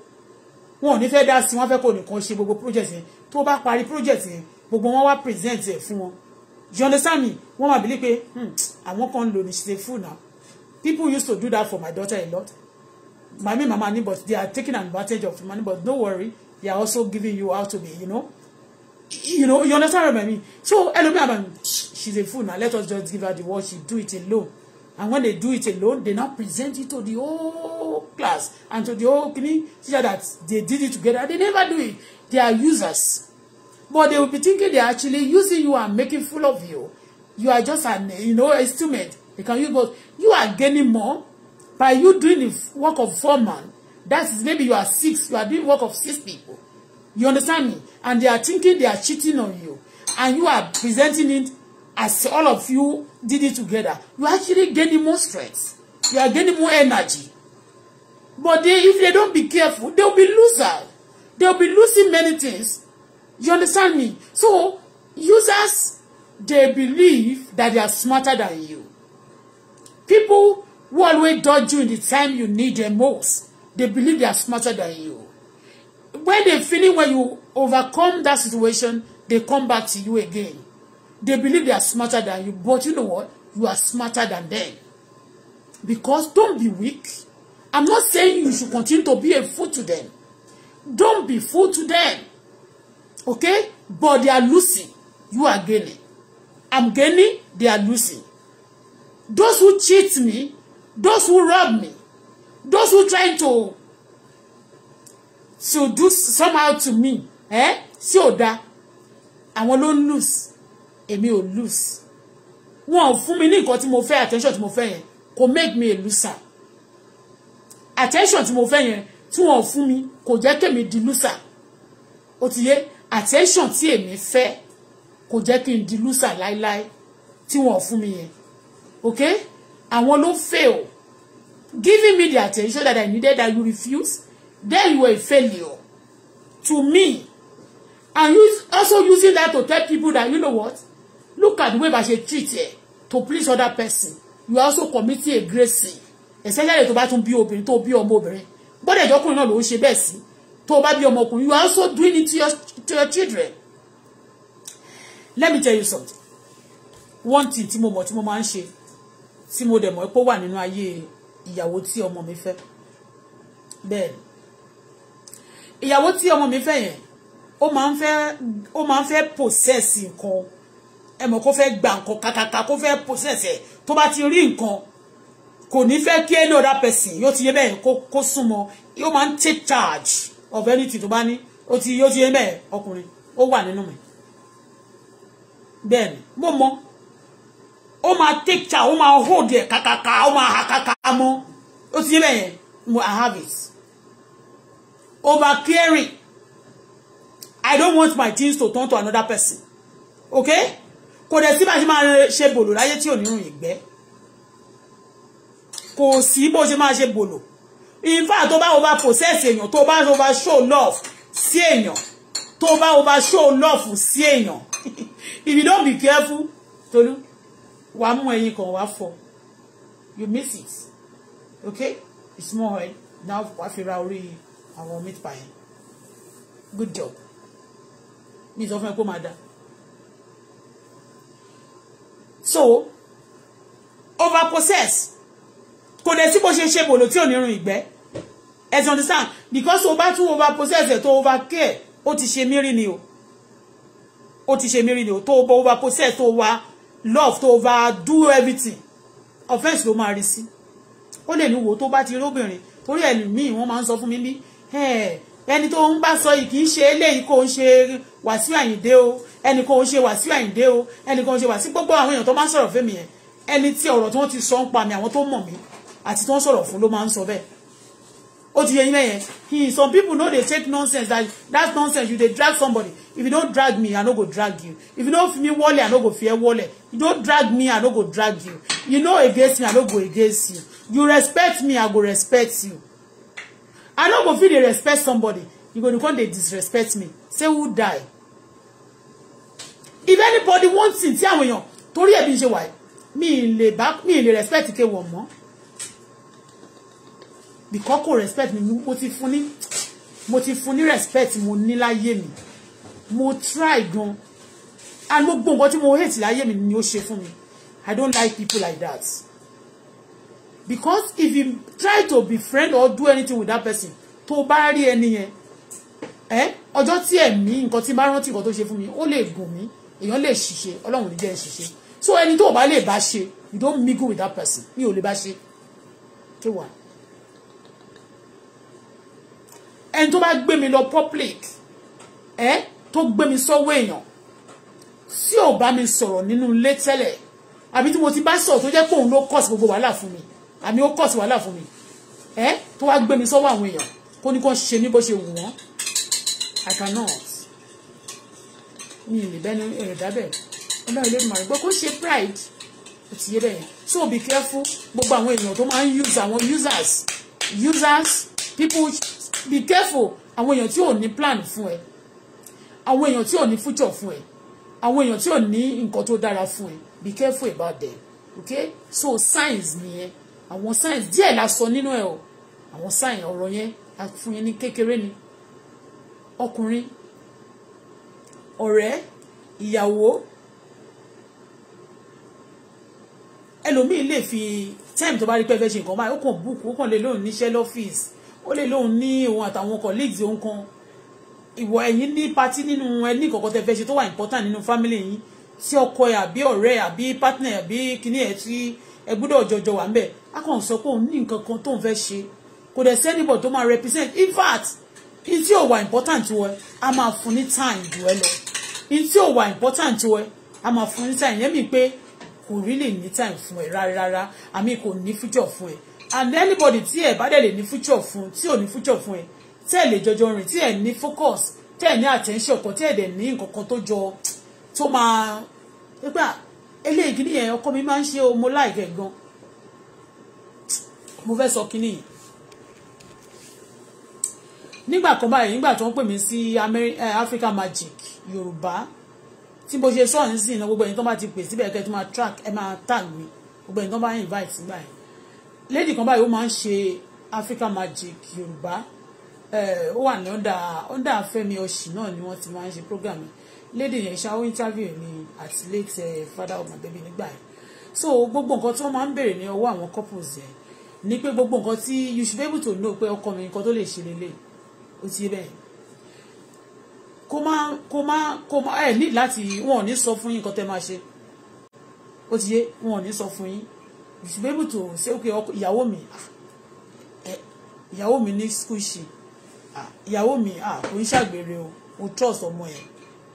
wọn ò ní fẹ́ dá sí wọn fẹ́ kó nìkan ṣe gbogbo project yẹn tó bá parí project yẹn gbogbo wọn wá present ẹ̀ fún wọn you understand me wọn máa bìlí pé hmm, àwọn kan lò ní ṣe fún now people used to do that for my daughter a lot My mami mama ni but they are taking advantage of money but no worry they are also giving you out to me you know you know you understand what I mean so ẹlòmíà she's a fool now let us just give her the word she do it alone And when they do it alone, they now present it to the whole class and to the whole teacher that they did it together. They never do it. They are users. But they will be thinking they are actually using you and making full of you. You are just an, you know, instrument. They can use But You are gaining more by you doing the work of four man. That is maybe you are six. You are doing work of six people. You understand me? And they are thinking they are cheating on you. And you are presenting it as all of you did it together, you are actually gaining more strength. You are gaining more energy. But they, if they don't be careful, they'll be losers. They'll be losing many things. You understand me? So, users, they believe that they are smarter than you. People who always dodge you in the time you need them most, they believe they are smarter than you. When they feeling when you overcome that situation, they come back to you again. They believe they are smarter than you, but you know what? You are smarter than them. Because don't be weak. I'm not saying you should continue to be a fool to them. Don't be fool to them. Okay? But they are losing. You are gaining. I'm gaining, they are losing. Those who cheat me, those who rob me, those who trying to to do somehow to me, eh? See ò da. Àwọn ló lose èmi ò lose wọn ò fún mi ní nǹkan tí mo fẹ́ attention tí mo fẹ́ yẹn kò make me a loser attention tí mo fẹ́ yẹn tí wọn ò fún mi kò jẹ́ kémi di loser ó ti yé attention tí èmi fẹ́ kò jẹ́ kí n di loser láíláí tí wọn ò fún mi yẹn ok àwọn ló fail giving me the attention that I needed that you refuse then you were a failure to me and you also using that to tell people that you know what look at the way bá ṣe treat ẹ to please other person you are also committing a great sin especially to bá tún bí obìnrin tó bí ọmọ obìnrin bọ́dẹ̀ ìjọkùnrin náà ló ń ṣe bẹ́ẹ̀ to tó bá bí ọmọkùnrin you are also doing it to your, to your children let me tell you something one thing tí mo mọ̀ tí mo máa ń ṣe tí mo dẹ̀ mọ̀ pé ó wà nínú ayé ìyàwó tí ọmọ mi fẹ́ bẹ́ẹ̀ ìyàwó tí ọmọ mi fẹ́ yẹn ó máa ń fẹ́ ó máa possess nǹkan ẹ mọ̀ kó fẹ́ gba nǹkan kàkàkà kó fẹ́ process tó bá ti rí nǹkan kò ní fẹ́ kí any other person yóò ti yé bẹ́ẹ̀ kó súnmọ́ yóò máa ń take charge of anything tó bá ní ó ti yóò ti yé bẹ́ẹ̀ ọkùnrin ó wà nínú mi bẹ́ẹ̀ mo mọ ó máa take charge ó máa hold ẹ̀ kàkàkà ó máa ha kàkàkà mọ́ ó ti yé bẹ́ẹ̀ mo I have it over caring I don't want my things to turn to another person okay kò dẹ̀ sí bá ṣe máa ṣe bòlò láyé tí ò ní rùn ìgbẹ́ kò sí bó ṣe máa ṣe bòlò in fact tó bá over process èèyàn tó bá over show love sí èèyàn tó bá over show love sí èèyàn if you don't be careful Tolu wàá mú ẹyin kan wàá fọ you miss it okay it's more oil now wàá fi ra orí àwọn meat pie good job mi sọ fún ẹ kó máa dáa so over process kò dẹ̀ sí bó ṣe ṣe bòlò tí ò ní rún understand because o bá tún over process ẹ̀ tó over care ó ti ṣe mírì You o ó ti ṣe mírì ni over process tó o love tó over do everything offence ló máa rí sí ó lè ní wo tó bá ti rí obìnrin torí ẹ̀ míì wọ́n máa ń sọ fún mi bí ẹni tó ń bá sọ yìí kì í ṣe eléyìí ẹnìkan ò ń ṣe Wàsíù Àyìndé o ẹnìkan ò ń ṣe Wàsíù gbogbo àwọn èèyàn tó máa ń sọ̀rọ̀ fẹ́mi yẹn ẹni tí ọ̀rọ̀ tí wọ́n ti sọ ń pa mi àwọn tó mọ̀ mí àti tí wọ́n sọ̀rọ̀ fún ló máa ń sọ bẹ́ẹ̀ ó ti yẹ yín lẹ́yìn hmm, some people no dey take nonsense that that's nonsense you dey drag somebody if you no drag me i no go drag you if you no me wọlé i no go fear wọlé you no drag me i no go drag you you no against me i no go against you you respect me i go respect you i no go fit dey respect somebody you go dey come dey disrespect me say who die if anybody wants it tí àwọn èèyàn torí ẹ̀bí ṣe wà mí lè bá mí lè respect kéwọ̀ mọ́ because kò respect mi mo ti fún ní mo ti fún ní respect mo ni láyé mi mo try gan and gbogbo nǹkan tí mo hate láyé mi ni ó ṣe fún mi I don't like people like that because if you try to befriend or do anything with that person tó bá rí ẹni eh. ọjọ́ tí ẹ̀mí nǹkan tí bá rántí nǹkan tó ṣe fún mi ó lè gùn mí èèyàn lè ṣiṣẹ́ ọlọ́run níjẹ́ ṣiṣẹ́ so ẹni tó o bá lè bá ṣe you don't mingle with that person mi ò lè bá ṣe tó wà. ẹni tó bá gbé mi lọ public ẹ tó gbé mi sọ́wọ́ èèyàn tí ò bá mi sọ̀rọ̀ nínú ilé tẹ́lẹ̀ àbí tí mo ti bá sọ̀rọ̀ tó jẹ́ pé òun ló cause gbogbo wàhálà fún mi àmì ó cause wàhálà fún mi ẹ tó wá gbé mi sọ́wọ́ àwọn èèyàn kó ní kó ṣe ní bó ṣe wù wọ́n I cannot mi ì lè bẹ́ni ẹ̀rẹ̀ dábẹ̀ ọlọ́run ilé ìmọ̀ràn gbọ́ kó ṣe pride kò ti yé so be careful gbogbo àwọn èèyàn tó máa use àwọn users users people be careful àwọn èèyàn tí ò ní plan fún ẹ àwọn èèyàn tí ò ní future fún ẹ àwọn èèyàn tí ò ní nǹkan tó dára fún ẹ be careful about them okay so signs nìyẹn àwọn signs Die la sọ nínú e o àwọn signs ọ̀rọ̀ yẹn a fun yín ní kékeré ni ọkùnrin ọ̀rẹ́ ìyàwó ẹlòmíì lè fi time tó bá rí pé fẹ́ ṣe nǹkan báyìí ó kàn búùkù ó kàn lè lóun níṣẹ́ lọ́fíìsì ó lè lóun ní òun àtàwọn colleagues òun kan ìwọ ẹ̀yin ní party nínú ẹni kọ̀ọ̀kan tẹ́ ṣe tó wà important nínú family yín tí ọkọ ẹ̀ àbí ọ̀rẹ́ àbí partner àbí kíní ẹ̀ tí ẹ gbọ́dọ̀ jọjọ wà ń bẹ̀ á kàn sọ pé òun ní nǹkan kan tó fẹ́ ṣe kò dẹ̀ sẹ́nìbọ̀ tó máa represent in fact in tí ò wà important wọ a máa fún ní time jù lọ in tí ò wà important wẹ a máa fún ní time yẹn mi pé kò really ní time fún ẹ rárá àmì kò ní future fún ẹ and anybody tí ẹ bá dẹ̀ lè ní future fún tí ò ní future fún ẹ tí ẹ lè jọjọ rìn tí ẹ ní focus tí ẹ ní attention kan tí ẹ dẹ̀ ní nǹkan kan tó jọ tó máa nígbà eléyìí kìíní yẹn ọkọ mi máa ń ṣe o mo láì gẹ̀ gan mo fẹ́ sọ kìíní yìí nígbà kan báyìí nígbà tí wọ́n pè mí sí eh, Africa Magic Yorùbá tí mo ṣe sọ́ọ̀ nísìnyí náà gbogbo ẹni tó bá ti pè síbẹ̀ kẹ́ tó máa track ẹ máa tag mi gbogbo ẹni tó bá invite nígbà yẹn lady kan báyìí ó máa ń ṣe Africa Magic Yorùbá eh, ó wà ní ọ̀dà ọ̀dà Fẹ́mi Ọ̀ṣì náà ni wọ́n ti máa ń ṣe program lady yẹn ṣá ó interview mi àti late eh, father of my baby nígbà yẹn so gbogbo nǹkan tí wọ́n máa ń béèrè ní ọwọ́ àwọn couples yẹn ni pé gbogbo nǹkan tí you should be able to know pé ọkọ mi nǹkan tó lè ṣe lélẹ́yìí ó ti bẹ́ẹ̀ kó má kó má kó má ẹ̀ ní láti wọn ò ní sọ fún yín nǹkan tẹ́ máa ṣe ó ti yé wọn ò ní sọ fún yín you should be able to say okay ìyàwó mi ah, ìyàwó mi ní school ṣe ah, ìyàwó mi ah, kò ń ṣàgbèrè o o trust ọmọ ẹ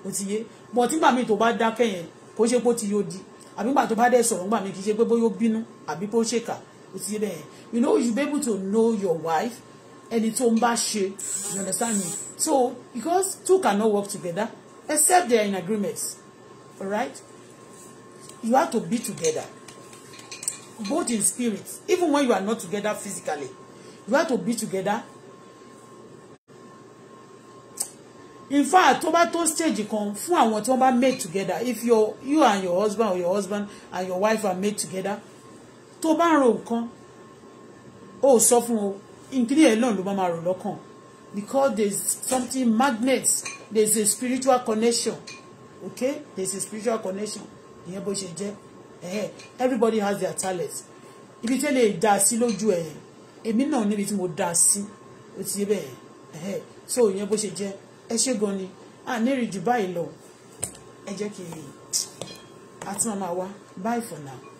o ti yé but nígbà míì tó bá dákẹ́ yẹn kò ṣe pé ó ti yóò di àbí nígbà tó bá dẹ̀ sọ̀rọ̀ nígbà míì kì í ṣe pé bóyá ó bínú àbí bó ṣèkà o ti yé bẹ́ẹ̀ you know you be able to know your wife ẹni tó ń bá ṣe you understand me so because two cannot work together except they are in agreement alright you have to be together both in spirit even when you are not together physically you have to be together in fact tó bá tó stage kan fún àwọn tí wọ́n bá made together if your you and your husband or your husband and your wife are made together tó bá ń ro nǹkan ó sọ fún o nkiri yẹn náà ló bá máa rò lọ́kàn because there is something magnet there is a spiritual connection okay there is a spiritual connection ìyẹn bó ṣe jẹ́ everybody has their talent ibi tẹ́lẹ̀ dá sí lójú ẹ̀ èmi náà níbi tí mo dá sí ó ti yé bẹ́ẹ̀ so ìyẹn bó ṣe jẹ́ ẹ ṣé gan ni a nírìí jù báyìí lọ ẹ jẹ́ kí a tún máa wá bye for now.